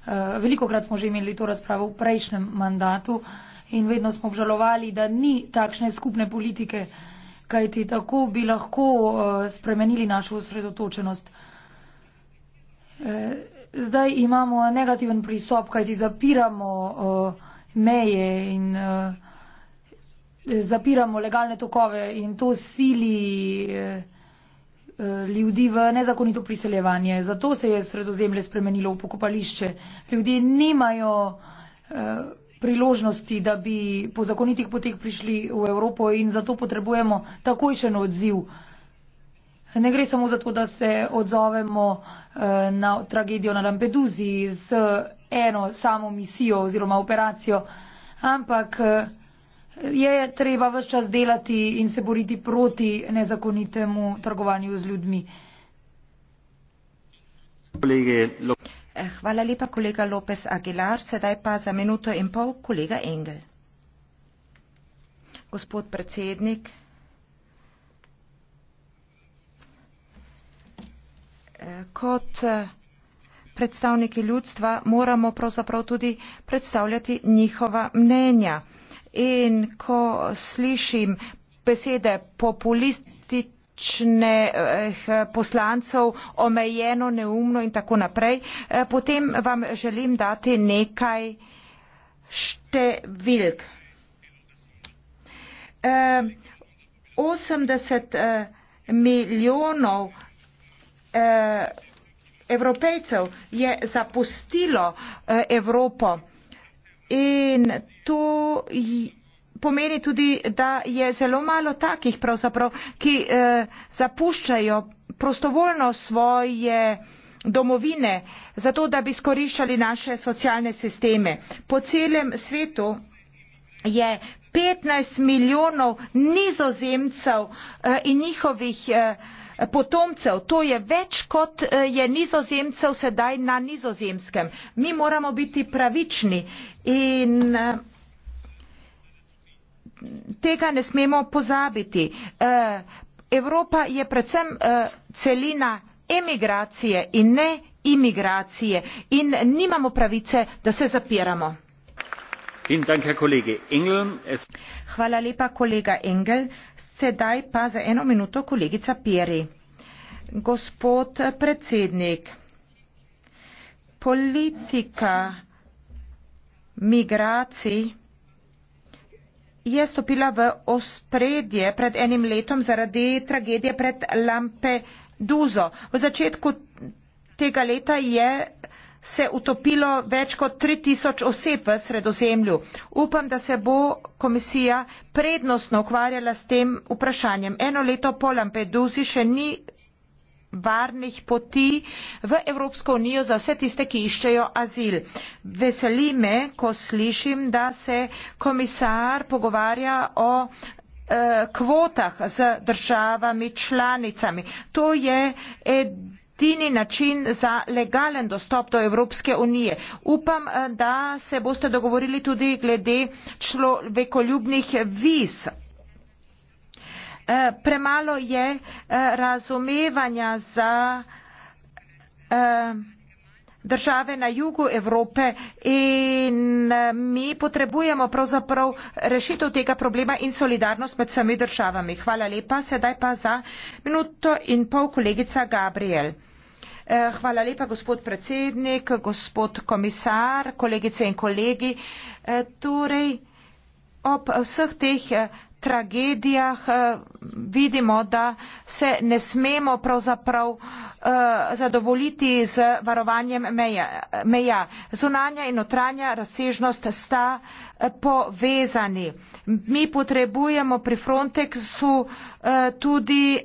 eh, veliko krat smo že imeli to razpravo v prejšnjem mandatu in vedno smo obžalovali, da ni takšne skupne politike, kajti tako bi lahko spremenili našo osredotočenost zdaj imamo negativen pristop, kajti zapiramo uh, meje in uh, zapiramo legalne tokove in to sili uh, ljudi v nezakonito priseljevanje. Zato se je sredozemlje spremenilo v pokopališče. Ljudje nimajo priložnosti, da bi po zakonitih poteh prišli v Evropo in zato potrebujemo takojšen odziv. Uh, Ne gre samo za to, da se odzovemo eh, na tragedijo na Lampeduzi z eh, eno samo misijo oziroma operacijo, ampak eh, je treba vse čas delati in se boriti proti nezakonitemu trgovanju z ljudmi. Hvala lepa, kolega Lopes Aguilar. Sedaj pa za minuto in pol kolega Engel. Gospod predsednik. kot eh, predstavniki ljudstva moramo pravzaprav tudi predstavljati njihova mnenja. In ko slišim besede populističnih eh, poslancev, omejeno, neumno in tako naprej, eh, potem vam želim dati nekaj številk. 80 milijonov Eh, evropejcev je zapustilo eh, Evropo in to pomeni tudi, da je zelo malo takih pravzaprav, ki eh, zapuščajo prostovoljno svoje domovine, zato da bi skoriščali naše socialne sisteme. Po celem svetu je 15 milijonov nizozemcev in njihovih potomcev to je več kot eh, je nizozemcev sedaj na nizozemskem mi moramo biti pravični in eh, tega ne smemo pozabiti eh, evropa je predvsem celina emigracije in ne imigracije in nimamo pravice da se zapiramo Hvala lepa, kolega Engel. Sedaj pa za eno minuto kolegica Piri. Gospod predsednik, politika migracij je stopila v ospredje pred enim letom zaradi tragedije pred Lampeduzo. V začetku tega leta je se utopilo več kot tri tisoč oseb v sredozemlju. Upam, da se bo komisija prednostno ukvarjala s tem vprašanjem. Eno leto po Lampeduzi še ni varnih poti v Evropsko unijo za vse tiste, ki iščejo azil. Veseli me, ko slišim, da se komisar pogovarja o e, kvotah z državami članicami. To je ed, edini način za legalen dostop do evropske unije. upam eh, da se boste dogovorili tudi glede človekoljubnih viz. Eh, premalo je eh, razumevanja za države na jugu Evrope in mi potrebujemo pravzaprav rešitev tega problema in solidarnost med vsemi državami. Hvala lepa, sedaj pa za minuto in pol kolegica Gabriel. Eh, hvala lepa, gospod predsednik, gospod komisar, kolegice in kolegi. Eh, torej, ob vseh teh eh, tragedijah vidimo, da se ne smemo pravzaprav zadovoljiti z varovanjem meja. Zunanja in notranja razsežnost sta povezani. Mi potrebujemo pri Frontexu tudi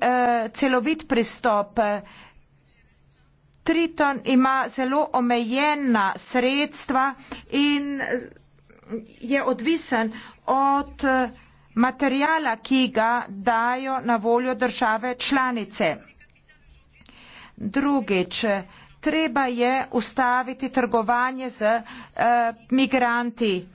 celovit pristop Triton ima zelo omejena sredstva in je odvisen od eh, materijala, ki ga dajo na voljo države članice. Drugič, eh, treba je ustaviti trgovanje z eh, migranti.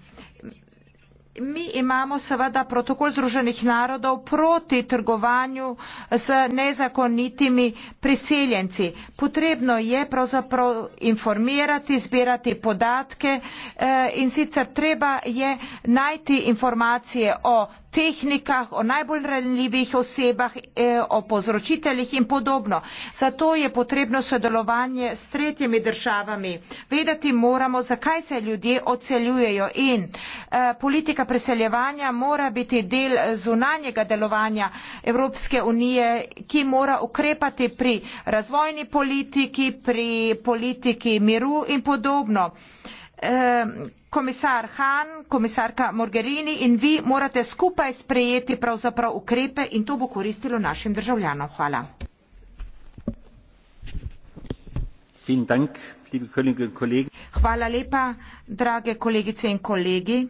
Mi imamo seveda protokol Združenih narodov proti trgovanju z nezakonitimi priseljenci. Potrebno je pravzaprav informirati, zbirati podatke eh, in sicer treba je najti informacije o tehnikah o najbolj ranljivih osebah e, o povzročiteljih in podobno zato je potrebno sodelovanje s tretjimi državami vedeti moramo zakaj se ljudje odseljujejo in eh, politika preseljevanja mora biti del zunanjega delovanja evropske unije ki mora ukrepati pri razvojni politiki pri politiki miru in podobno eh, komisar Han, komisarka Mogherini in vi morate skupaj sprejeti pravzaprav ukrepe in to bo koristilo našim državljanom. Hvala. Hvala lepa, drage kolegice in kolegi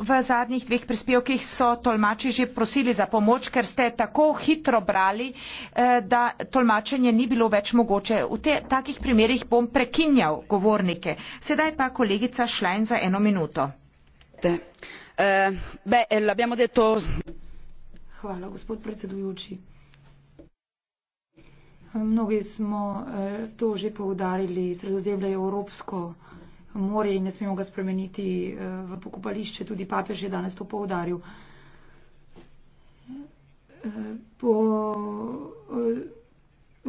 v zadnjih dveh prispevkih so tolmači že prosili za pomoč, ker ste tako hitro brali, eh, da tolmačenje ni bilo več mogoče. V te, takih primerjih bom prekinjal govornike. Sedaj pa kolegica Šlein za eno minuto. Eh, eh, Hvala, gospod predsedujoči. Mnogi smo to že poudarili, sredozemlje je evropsko morje in ne smemo ga spremeniti eh, v pokopališče, tudi papež je danes to poudaril. Eh, po eh,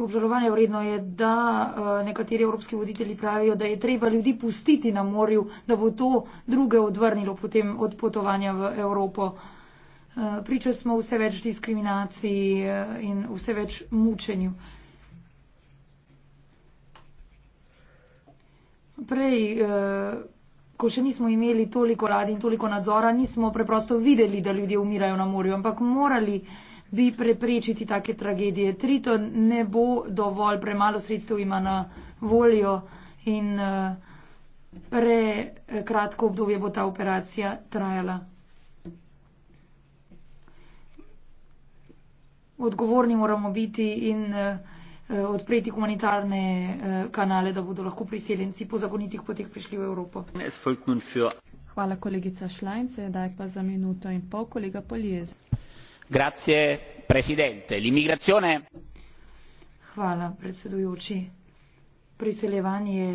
obžalovanju vredno je, da nekateri evropski voditelji pravijo, da je treba ljudi pustiti na morju, da bo to druge odvrnilo potem od potovanja v Evropo. Priča smo vse več diskriminaciji in vse več mučenju. prej, eh, ko še nismo imeli toliko radi in toliko nadzora, nismo preprosto videli, da ljudje umirajo na morju, ampak morali bi preprečiti take tragedije. Triton ne bo dovolj, premalo sredstev ima na voljo in eh, prekratko obdobje bo ta operacija trajala. Odgovorni moramo biti in uh, Eh, odpreti humanitarne eh, kanale, da bodo lahko priseljenci po zakonitih poteh prišli v Evropo. Hvala, kolegica Šlajn, sedaj pa za minuto in pol, kolega Poljez. Grazie, presidente. L'immigrazione. Hvala, predsedujoči. Priseljevanje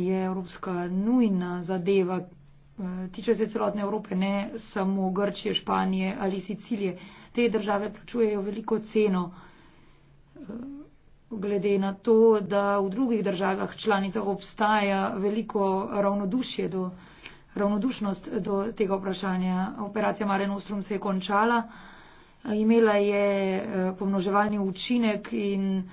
je evropska nujna zadeva, eh, tiče se celotne Evrope, ne samo Grčije, Španije ali Sicilije. Te države plačujejo veliko ceno glede na to, da v drugih državah članicah obstaja veliko ravnodušje do, ravnodušnost do tega vprašanja. Operacija Mare Nostrum se je končala, imela je eh, pomnoževalni učinek in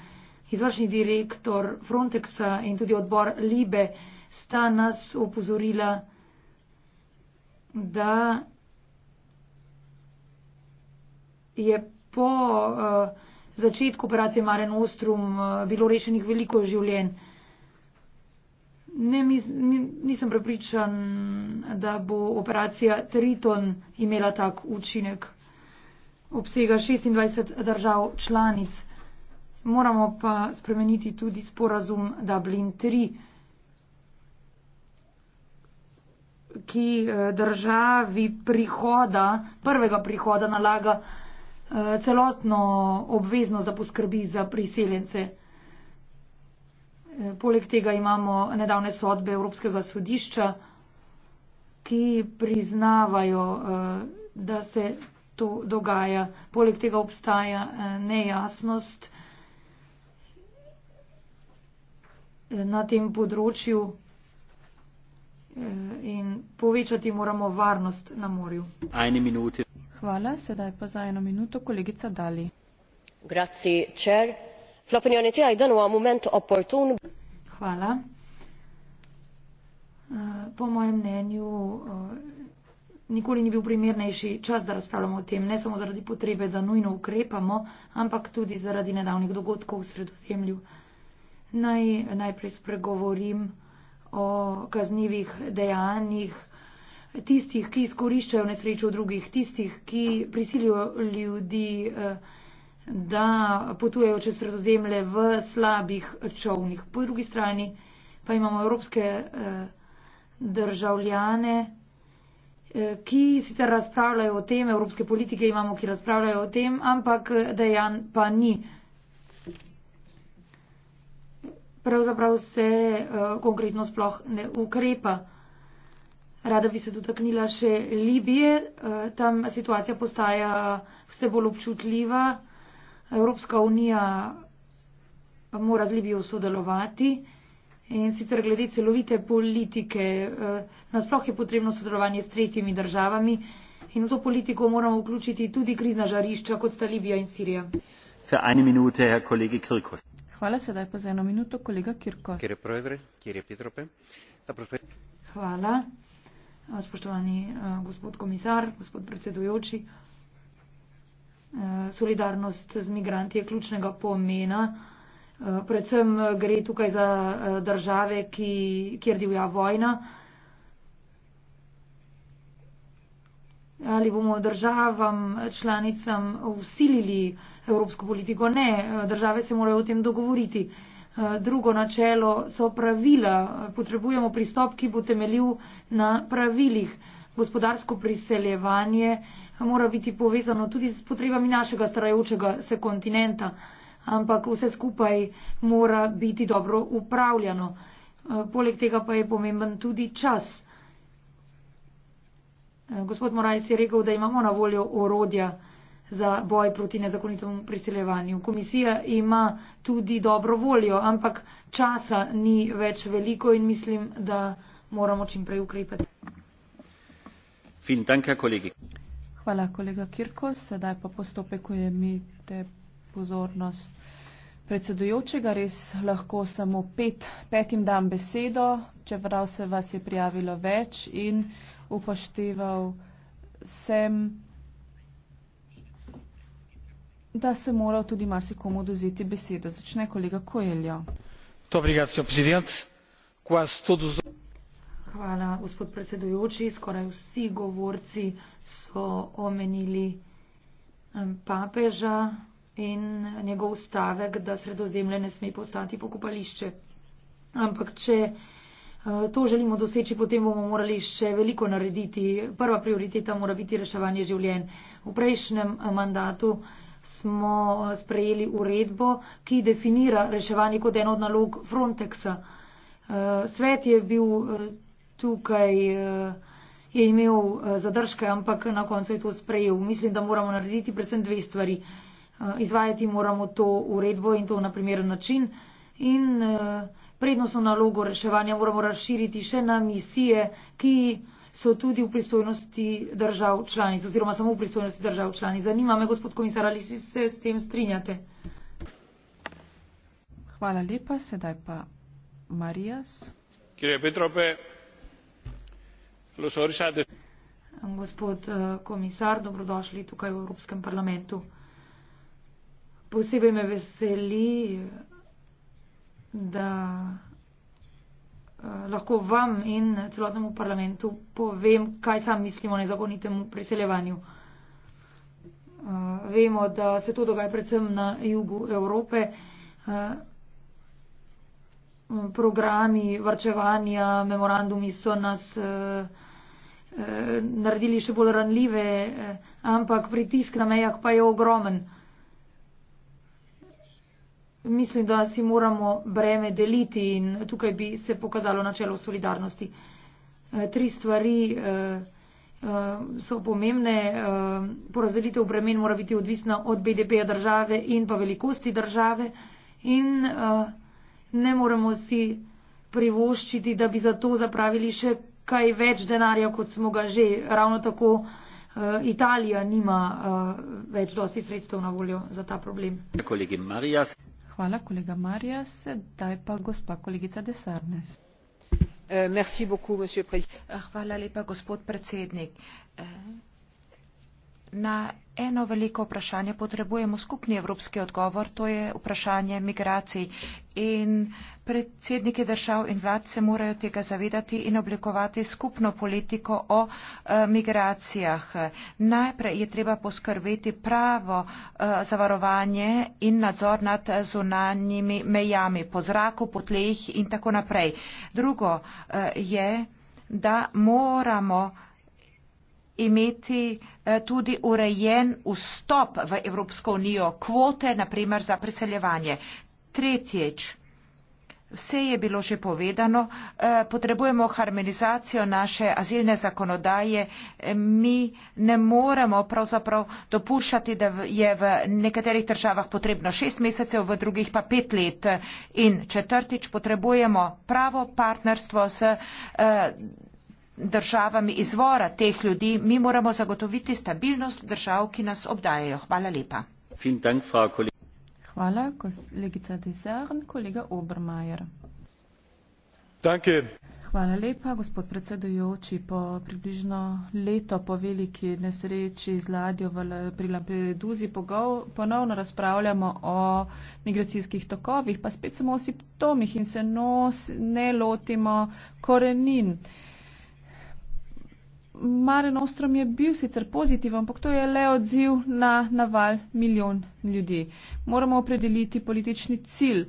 izvršni direktor Frontexa in tudi odbor Libe sta nas opozorila, da je po uh, začetku operacije Mare Nostrum eh, bilo rešenih veliko življenj. Ne, mis, nisem prepričan, da bo operacija Triton imela tak učinek. Obsega 26 držav članic. Moramo pa spremeniti tudi sporazum Dublin 3, ki eh, državi prihoda, prvega prihoda nalaga celotno obveznost, da poskrbi za priseljence. E, poleg tega imamo nedavne sodbe Evropskega sodišča, ki priznavajo, e, da se to dogaja. Poleg tega obstaja e, nejasnost na tem področju in povečati moramo varnost na morju. Ene minute. Hvala, sedaj pa za eno minuto kolegica Dali. Grazie, čer. Flapenjonetija je danova moment oportun. Hvala. Uh, po mojem mnenju uh, nikoli ni bil primernejši čas, da razpravljamo o tem, ne samo zaradi potrebe, da nujno ukrepamo, ampak tudi zaradi nedavnih dogodkov v sredozemlju. Naj najprej spregovorim o kaznjivih dejanjih tistih, ki izkoriščajo nesrečo drugih, tistih, ki prisilijo ljudi, eh, da potujejo čez sredozemlje v slabih čovnih. Po drugi strani pa imamo evropske eh, državljane, eh, ki sicer razpravljajo o tem, evropske politike imamo, ki razpravljajo o tem, ampak dejan pa ni. Pravzaprav se uh, konkretno sploh ne ukrepa. Uh, Rada bi se dotaknila še Libije. Eh, tam situacija postaja vse bolj občutljiva. Evropska unija mora z Libijo sodelovati in sicer glede celovite politike. Eh, nasploh je potrebno sodelovanje s tretjimi državami in v to politiko moramo vključiti tudi krizna žarišča, kot sta Libija in Sirija. Hvala, sedaj pa za eno minuto, kolega Kirko. Hvala spoštovani eh, gospod komisar, gospod predsedujoči. Eh, solidarnost z migranti je ključnega pomena. Eh, predvsem gre tukaj za države, ki, kjer divja vojna. Ali bomo državam, članicam usilili evropsko politiko? Ne, države se morajo o tem dogovoriti. Eh, drugo načelo so pravila. Potrebujemo pristop, ki bo temeljil na pravilih. Gospodarsko priseljevanje eh, mora biti povezano tudi s potrebami našega starajočega se kontinenta, ampak vse skupaj mora biti dobro upravljano. Eh, poleg tega pa je pomemben tudi čas. Gospod Morajs je rekel, da imamo na voljo orodja za boj proti nezakonitemu priseljevanju. Komisija ima tudi dobro voljo, ampak časa ni več veliko in mislim, da moramo čim prej ukrepati. Hvala, kolega Kirko. Sedaj pa postopek, ko je imite pozornost predsedujočega, res lahko samo pet, petim dam besedo, čeprav se vas je prijavilo več in upošteval sem da se mora tudi marsikomu oduzeti besedo. Začne kolega Koeljo. Hvala, gospod predsedujoči. Skoraj vsi govorci so omenili papeža in njegov stavek, da sredozemlje ne sme postati pokopališče. Ampak če eh, to želimo doseči, potem bomo morali še veliko narediti. Prva prioriteta mora biti reševanje življenj. V prejšnjem mandatu smo eh, sprejeli uredbo, ki definira reševanje kot eno od nalog Frontexa. Eh, svet je bil eh, tukaj, je imel zadržke, ampak na koncu je to sprejel. Mislim, da moramo narediti predvsem dve stvari. Izvajati moramo to uredbo in to na primeren način. In prednostno nalogo reševanja moramo razširiti še na misije, ki so tudi v pristojnosti držav članic oziroma samo v pristojnosti držav članic. Zanima me, gospod komisar, ali se s tem strinjate? Hvala lepa. Sedaj pa Marijas. Gospod eh, komisar, dobrodošli tukaj v Evropskem parlamentu. Posebej me veseli, da Eh, lahko vam in celotnemu parlamentu povem, kaj sam mislim o nezakonitemu priseljevanju. Eh, vemo, da se to dogaja predvsem na jugu Evrope. Eh, programi varčevanja, memorandumi so nas naredili še bolj ranljive, ampak pritisk na mejah pa je ogromen mislim, da si moramo breme deliti in tukaj bi se pokazalo načelo solidarnosti. Eh, tri stvari eh, eh, so pomembne. Porazdelitev bremen mora biti odvisna od BDP-ja države in pa velikosti države in ne moremo si privoščiti, da bi za to zapravili še kaj več denarja, kot smo ga že. Ravno tako Italija nima več dosti sredstev na voljo za ta problem. Kolegi Marijas. Hvala, kolega Marija. Sedaj pa gospa kolegica Desarnes. Eh, eh, hvala lepa, gospod predsednik. Eh, na eno veliko vprašanje potrebujemo skupni evropski odgovor, to je vprašanje migracij. In predsedniki držav in vlad se morajo tega zavedati in oblikovati skupno politiko o e, migracijah. Najprej je treba poskrbeti pravo e, zavarovanje in nadzor nad zunanjimi mejami, po zraku, po tleh in tako naprej. Drugo e, je, da moramo imeti eh, tudi urejen vstop v Evropsko unijo, kvote, naprimer za preseljevanje. Tretjič, vse je bilo že povedano, eh, potrebujemo harmonizacijo naše azilne zakonodaje, eh, mi ne moremo pravzaprav dopuščati, da je v nekaterih državah potrebno šest mesecev, v drugih pa pet let. In četrtič, potrebujemo pravo partnerstvo s državami izvora teh ljudi mi moramo zagotoviti stabilnost držav ki nas obdajajo hvala lepa Hvala, kolegica Desern, kolega Obermajer. Danke. Hvala lepa, gospod predsedujoči. Po približno leto po veliki nesreči z ladjo pri Lampeduzi ponovno razpravljamo o migracijskih tokovih, pa spet samo o simptomih in se nos ne lotimo korenin. Mare Nostrom je bil sicer pozitiv, ampak to je le odziv na naval milijon ljudi. Moramo opredeliti politični cilj.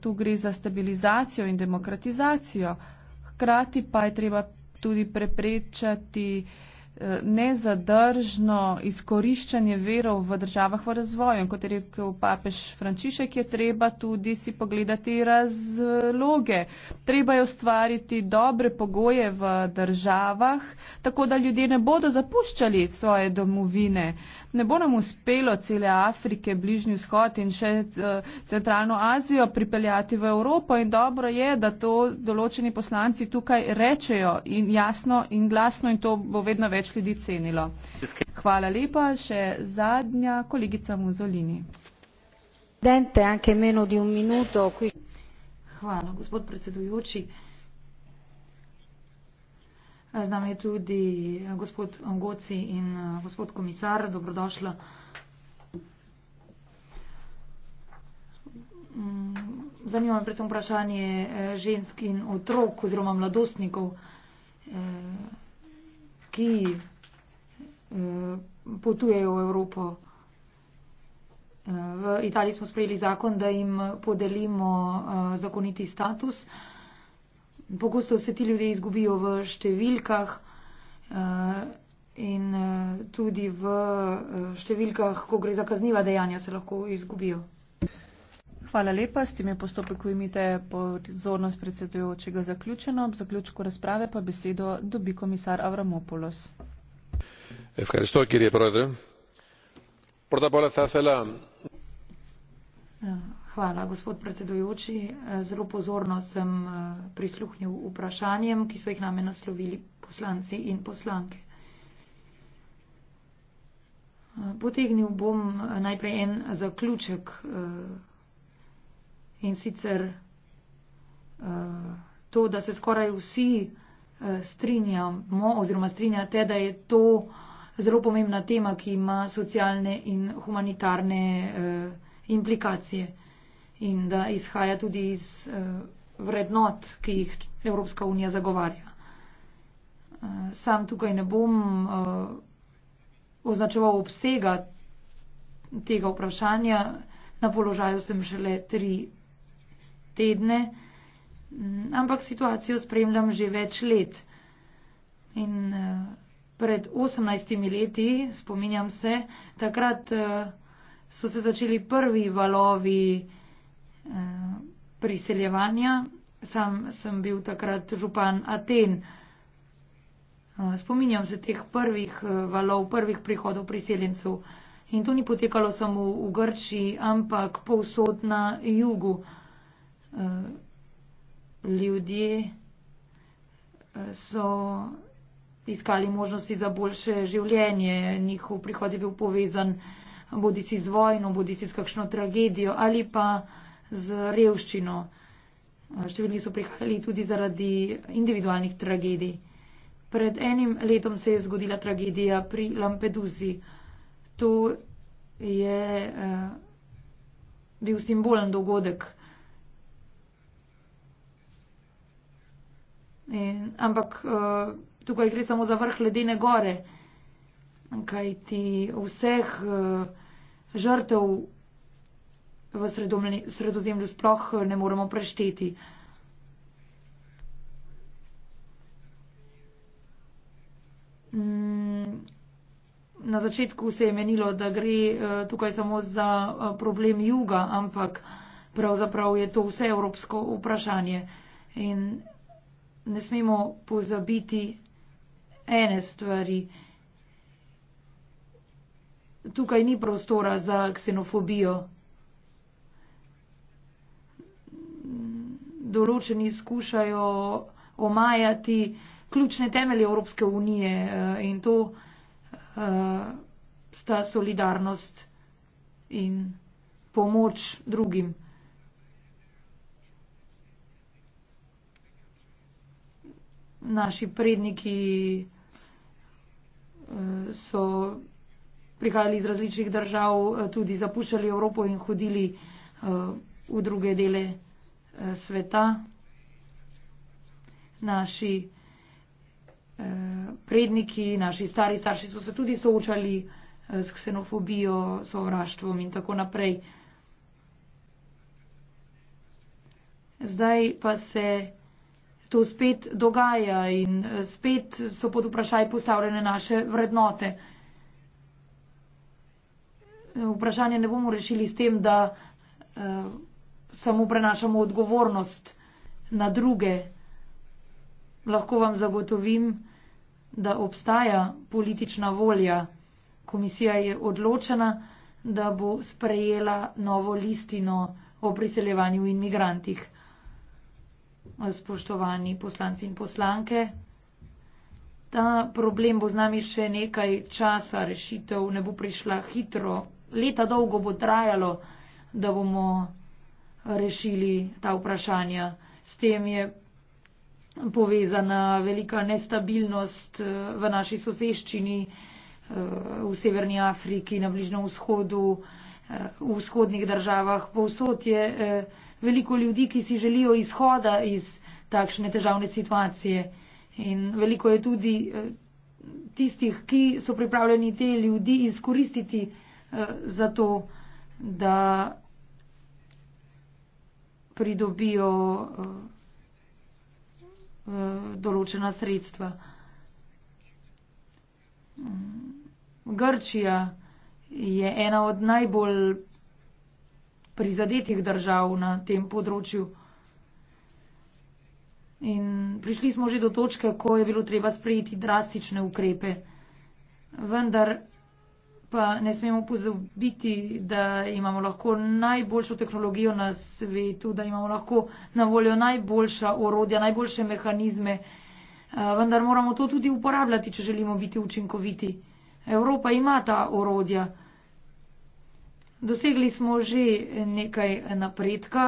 Tu gre za stabilizacijo in demokratizacijo. Hkrati pa je treba tudi preprečati. Eh, nezadržno izkoriščanje verov v državah v razvoju. In kot je rekel papež Frančišek, je treba tudi si pogledati razloge. Treba je ustvariti dobre pogoje v državah, tako da ljudje ne bodo zapuščali svoje domovine. Uh, ne bo nam uspelo cele Afrike, Bližnji vzhod in še eh, Centralno Azijo pripeljati v Evropo in dobro je, da to določeni poslanci tukaj rečejo in jasno in glasno in to bo vedno več ljudi cenilo. Hvala lepa, še zadnja kolegica Muzolini. Hvala, gospod predsedujoči. Z nami je tudi eh, gospod Angoci in eh, gospod komisar. Dobrodošla. Mm, zanima me predvsem vprašanje eh, žensk in otrok oziroma mladostnikov, ki potujejo v Evropo. V Italiji smo sprejeli zakon, da jim podelimo zakoniti status pogosto se ti ljudje izgubijo v številkah eh, in eh, tudi v eh, številkah, ko gre za kazniva dejanja, se lahko izgubijo. Hvala lepa. S tem je postopek v imite pozornost predsedujočega zaključeno. Ob zaključku razprave pa besedo dobi komisar Avramopoulos. Hvala lepa. Ja. Hvala, gospod predsedujoči. Zelo pozorno sem eh, prisluhnil vprašanjem, ki so jih name naslovili poslanci in poslanke. Eh, potegnil bom eh, najprej en zaključek in sicer to, da se skoraj vsi strinjamo oziroma strinjate, da je to zelo pomembna tema, ki ima socialne in humanitarne implikacije in da izhaja tudi iz eh, vrednot, ki jih Evropska unija zagovarja. Eh, sam tukaj ne bom eh, označeval obsega tega vprašanja. Na položaju sem šele tri tedne, mm, ampak situacijo spremljam že več let. In pred 18 leti, spominjam se, takrat so se začeli prvi valovi priseljevanja. Sam sem bil takrat župan Aten. Eh, spominjam se teh prvih eh, valov, prvih prihodov priseljencev. In to ni potekalo samo v Grčiji, ampak povsod na jugu. Eh, ljudje so iskali možnosti za boljše življenje. Njihov prihod je bil povezan bodi si z vojno, bodi si s kakšno tragedijo ali pa z revščino. Eh, Številni so prihajali tudi zaradi individualnih tragedij. Pred enim letom se je zgodila tragedija pri Lampeduzi. To je eh, bil simbolen dogodek. In, ampak eh, tukaj gre samo za vrh ledene gore, kajti vseh eh, žrtev v sredozemlju sploh eh, ne moremo prešteti. Mm, na začetku se je menilo, da gre eh, tukaj samo za eh, problem juga, ampak pravzaprav je to vse evropsko vprašanje. In ne smemo pozabiti ene stvari. Tukaj ni prostora za ksenofobijo. določeni skušajo omajati ključne temelje Evropske unije eh, in to eh, sta solidarnost in pomoč drugim. Naši predniki eh, so prihajali iz različnih držav, tudi zapuščali Evropo in hodili v druge dele Evrope. Eh, sveta, naši eh, predniki, naši stari starši so se tudi soočali eh, s ksenofobijo, sovraštvom in tako naprej. Zdaj pa se to spet dogaja in spet so pod vprašaj postavljene naše vrednote. Vprašanje ne bomo rešili s tem, da samo prenašamo odgovornost na druge. Lahko vam zagotovim, da obstaja politična volja. Komisija je odločena, da bo sprejela novo listino o priseljevanju in migrantih. Spoštovani poslanci in poslanke, ta problem bo z nami še nekaj časa, rešitev ne bo prišla hitro. Leta dolgo bo trajalo, da bomo rešili ta vprašanja. S tem je povezana velika nestabilnost eh, v naši soseščini, eh, v Severni Afriki, na Bližnem vzhodu, eh, v vzhodnih državah. Povsod je veliko ljudi, ki si želijo izhoda iz takšne težavne situacije. In veliko je tudi tistih, ki so pripravljeni te ljudi izkoristiti za to, da pridobijo eh, eh, določena sredstva. Grčija je ena od najbolj prizadetih držav na tem področju. In prišli smo že do točke, ko je bilo treba sprejeti drastične ukrepe. Vendar pa ne smemo pozabiti, da imamo lahko najboljšo tehnologijo na svetu, da imamo lahko na voljo najboljša orodja, najboljše mehanizme, eh, vendar moramo to tudi uporabljati, če želimo biti učinkoviti. Evropa ima ta orodja. Dosegli smo že nekaj napredka.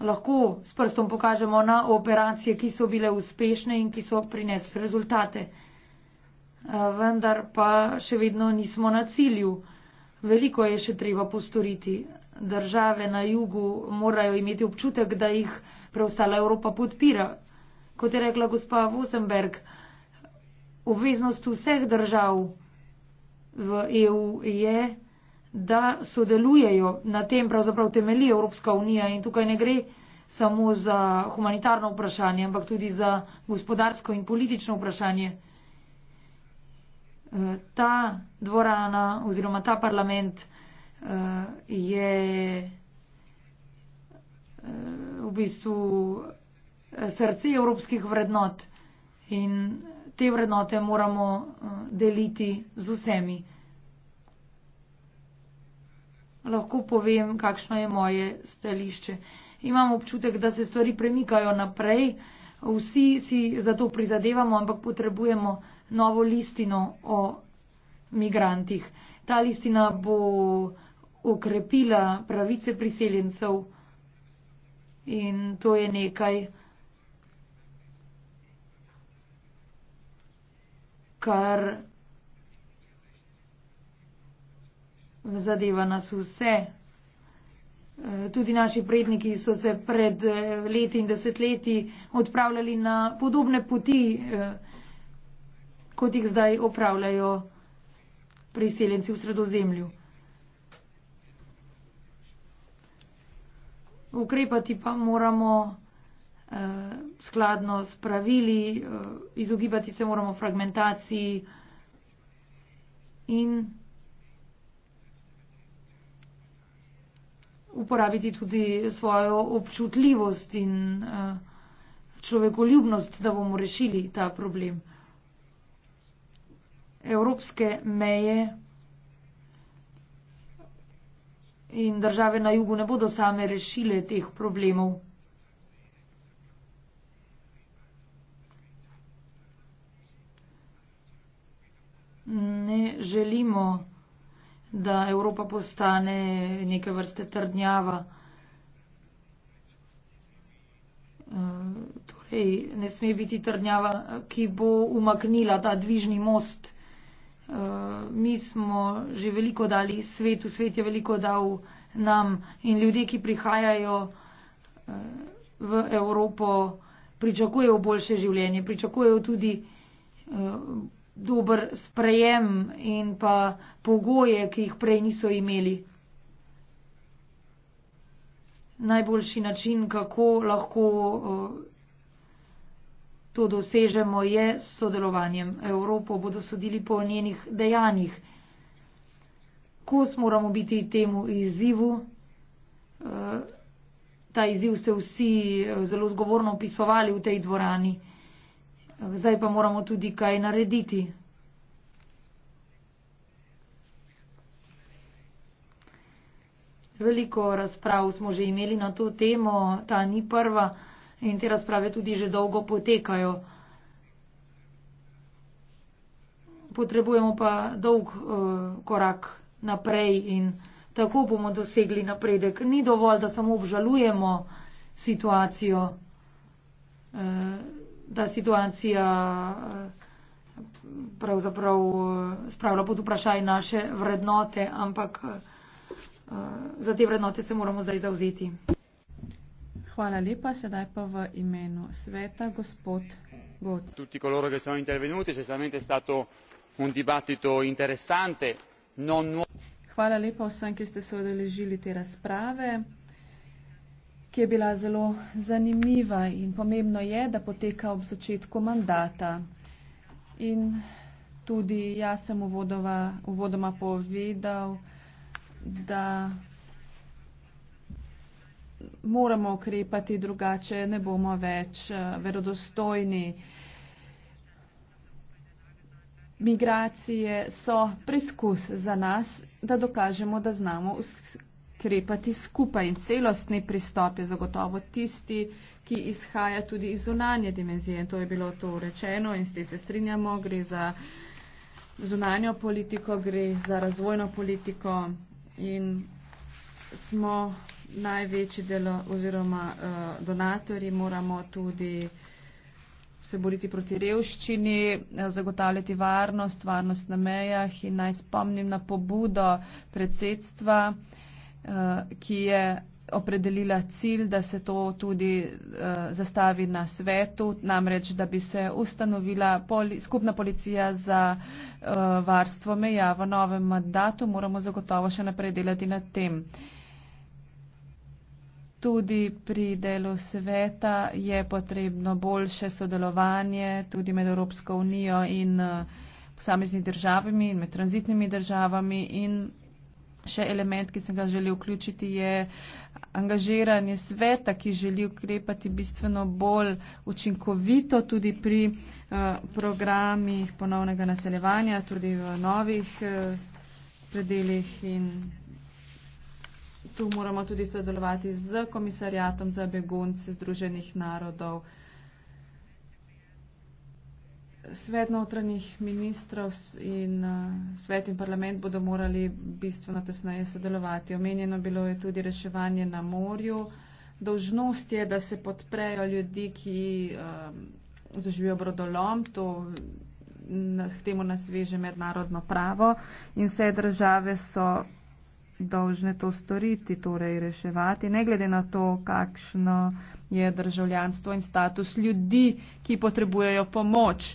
Lahko s prstom pokažemo na operacije, ki so bile uspešne in ki so prinesli rezultate. Eh, vendar pa še vedno nismo na cilju. Veliko je še treba postoriti. Države na jugu morajo imeti občutek, da jih preostala Evropa podpira. Kot je rekla gospa Vosenberg, obveznost vseh držav v EU je, da sodelujejo. Na tem pravzaprav temelji Evropska unija in tukaj ne gre samo za humanitarno vprašanje, ampak tudi za gospodarsko in politično vprašanje ta dvorana oziroma ta parlament eh, je eh, v bistvu eh, srce evropskih vrednot in te vrednote moramo deliti z vsemi. Lahko povem, kakšno je moje stališče. Imam občutek, da se stvari premikajo naprej, vsi si za to prizadevamo, ampak potrebujemo novo listino o migrantih. Ta listina bo okrepila pravice priseljencev in to je nekaj, kar zadeva nas vse. Tudi naši predniki so se pred leti in desetletji odpravljali na podobne poti, kot jih zdaj opravljajo priseljenci v sredozemlju. Ukrepati pa moramo eh, skladno s pravili, eh, izogibati se moramo fragmentaciji in uporabiti tudi svojo občutljivost in eh, človekoljubnost, da bomo rešili ta problem evropske meje in države na jugu ne bodo same rešile teh problemov. Ne želimo, da Evropa postane neke vrste trdnjava. Eh, torej, ne sme biti trdnjava, ki bo umaknila ta dvižni most. Eh, mi smo že veliko dali svetu, svet je veliko dal nam in ljudje, ki prihajajo eh, v Evropo, pričakujejo boljše življenje, pričakujejo tudi eh, dober sprejem in pa pogoje, ki jih prej niso imeli. Najboljši način, kako lahko to dosežemo, je s sodelovanjem. Evropo bodo sodili po njenih dejanjih. Kos moramo biti temu izzivu. Eh, ta izziv ste vsi eh, zelo zgovorno opisovali v tej dvorani. Eh, zdaj pa moramo tudi kaj narediti. Veliko razprav smo že imeli na to temo, ta ni prva in te razprave tudi že dolgo potekajo. Potrebujemo pa dolg uh, korak naprej in tako bomo dosegli napredek. Ni dovolj, da samo obžalujemo situacijo, uh, da situacija eh, pravzaprav spravlja pod vprašaj naše vrednote, ampak uh, za te vrednote se moramo zdaj zauzeti. Hvala lepa. Sedaj pa v imenu sveta gospod Goc. Tutti coloro, ki so intervenuti, se stavite, stato un dibatito interesante. Non... Hvala lepa vsem, ki ste se odeležili te razprave, ki je bila zelo zanimiva in pomembno je, da poteka ob začetku mandata. In tudi jaz sem uvodoma povedal, da moramo ukrepati drugače, ne bomo več eh, verodostojni. Migracije so preskus za nas, da dokažemo, da znamo ukrepati skupaj in celostni pristop je zagotovo tisti, ki izhaja tudi iz zunanje dimenzije. To je bilo to rečeno in s tem se strinjamo. Gre za zunanjo politiko, gre za razvojno politiko in smo največji delo oziroma uh, eh, donatori, moramo tudi se boriti proti revščini, eh, zagotavljati varnost, varnost na mejah in naj spomnim na pobudo predsedstva, eh, ki je opredelila cilj, da se to tudi zastavi na svetu, namreč, da bi se ustanovila poli, skupna policija za varstvo meja v novem mandatu, moramo zagotovo še naprej delati nad tem tudi pri delu sveta je potrebno boljše sodelovanje tudi med Evropsko unijo in eh, posameznimi državami in med tranzitnimi državami. In še element, ki sem ga želel vključiti, je angažiranje sveta, ki želi ukrepati bistveno bolj učinkovito tudi pri uh, programih ponovnega naseljevanja, tudi v novih uh, eh, predeljih in tu moramo tudi sodelovati z komisarjatom za begunce Združenih narodov, svet notranjih ministrov in eh, svet in parlament bodo morali bistveno tesneje sodelovati. Omenjeno bilo je tudi reševanje na morju. Dožnost je, da se podprejo ljudi, ki um, doživijo brodolom, to na, temu nasveže mednarodno pravo in vse države so dolžne to storiti, torej reševati, ne glede na to, kakšno je državljanstvo in status ljudi, ki potrebujejo pomoč.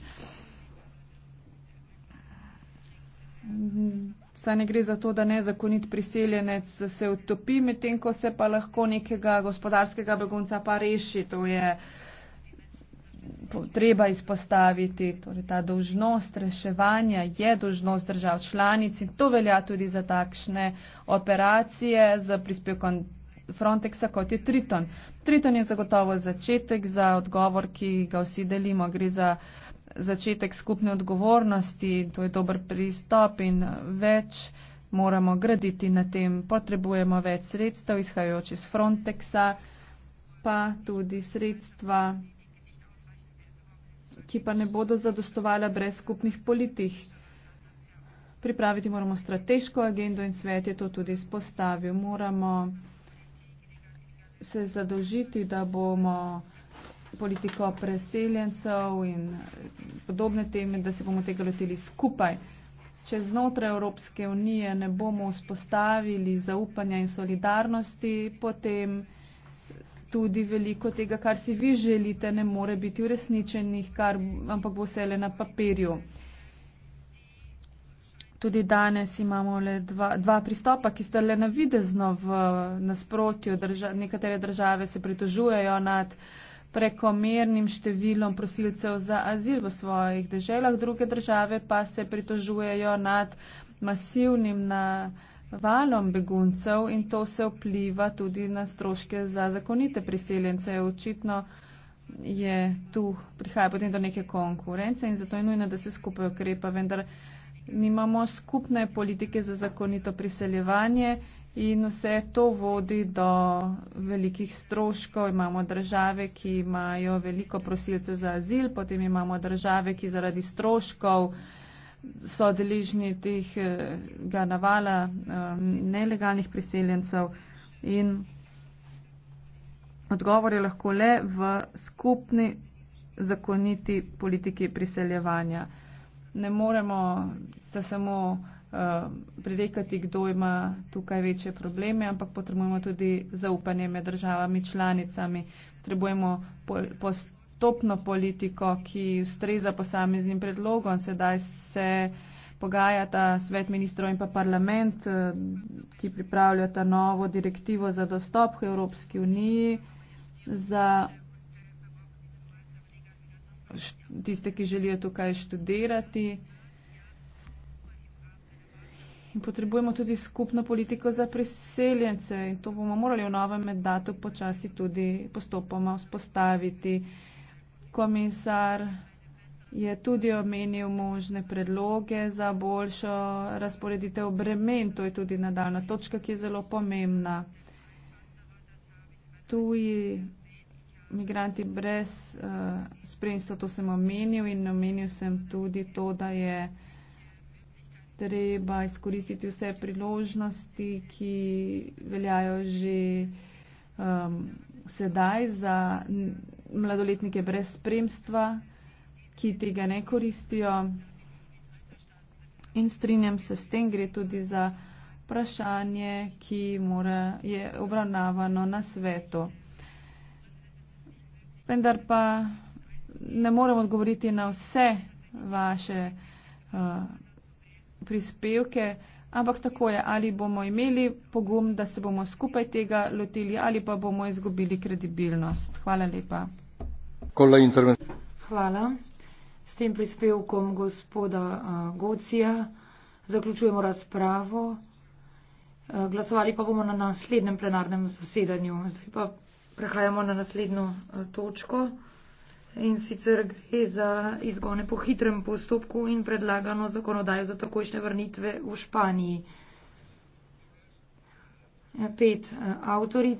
Saj ne gre za to, da nezakonit priseljenec se utopi, medtem ko se pa lahko nekega gospodarskega begunca pa reši. To je uh, treba izpostaviti, torej ta dožnost reševanja je dožnost držav članic in to velja tudi za takšne operacije z prispevkom Frontexa, kot je Triton. Triton je zagotovo začetek za odgovor, ki ga vsi delimo, gre za začetek skupne odgovornosti, to je dober pristop in več moramo graditi na tem, potrebujemo več sredstev, izhajajoč iz Frontexa, pa tudi sredstva ki pa ne bodo zadostovala brez skupnih politik. Pripraviti moramo strateško agendo in svet je to tudi izpostavil. Moramo se zadolžiti, da bomo politiko preseljencev in podobne teme, da se bomo tega lotili skupaj. Če znotraj Evropske unije ne bomo vzpostavili zaupanja in solidarnosti, potem tudi veliko tega, kar si vi želite, ne more biti uresničenih, kar, ampak bo vse le na papirju. Tudi danes imamo le dva, dva pristopa, ki sta le navidezno v nasprotju. Drža, nekatere države se pritožujejo nad prekomernim številom prosilcev za azil v svojih deželah, druge države pa se pritožujejo nad masivnim na valom beguncev in to se vpliva tudi na stroške za zakonite priseljence. Očitno je tu, prihaja potem do neke konkurence in zato je nujno, da se skupaj ukrepa, vendar nimamo skupne politike za zakonito priseljevanje in vse to vodi do velikih stroškov. Imamo države, ki imajo veliko prosilcev za azil, potem imamo države, ki zaradi stroškov so deležni teh navala eh, nelegalnih priseljencev in odgovor je lahko le v skupni zakoniti politiki priseljevanja. Ne moremo se samo uh, eh, prirekati, kdo ima tukaj večje probleme, ampak potrebujemo tudi zaupanje med državami članicami. Potrebujemo po, po, topno politiko, ki ustreza posameznim predlogom. Sedaj se pogajata svet ministrov in pa parlament, eh, ki pripravljata novo direktivo za dostop v Evropski uniji za tiste, ki želijo tukaj študirati. In potrebujemo tudi skupno politiko za priseljence in to bomo morali v novem mandatu počasi tudi postopoma vzpostaviti. Komisar je tudi omenil možne predloge za boljšo razporeditev bremen. To je tudi nadaljna točka, ki je zelo pomembna. Tuji migranti brez uh, spremstva, to sem omenil in omenil sem tudi to, da je treba izkoristiti vse priložnosti, ki veljajo že um, sedaj za mladoletnike brez spremstva, ki tega ne koristijo. In strinjam se s tem, gre tudi za vprašanje, ki mora, je obravnavano na svetu. Vendar pa ne morem odgovoriti na vse vaše uh, prispevke ampak tako je, ali bomo imeli pogum, da se bomo skupaj tega lotili, ali pa bomo izgubili kredibilnost. Hvala lepa. Hvala. S tem prispevkom gospoda Gocija zaključujemo razpravo. Glasovali pa bomo na naslednjem plenarnem zasedanju. Zdaj pa prehajamo na naslednjo točko. In sicer gre za izgone po hitrem postopku in predlagano zakonodajo za takošne vrnitve v Španiji. Pet eh, avtoric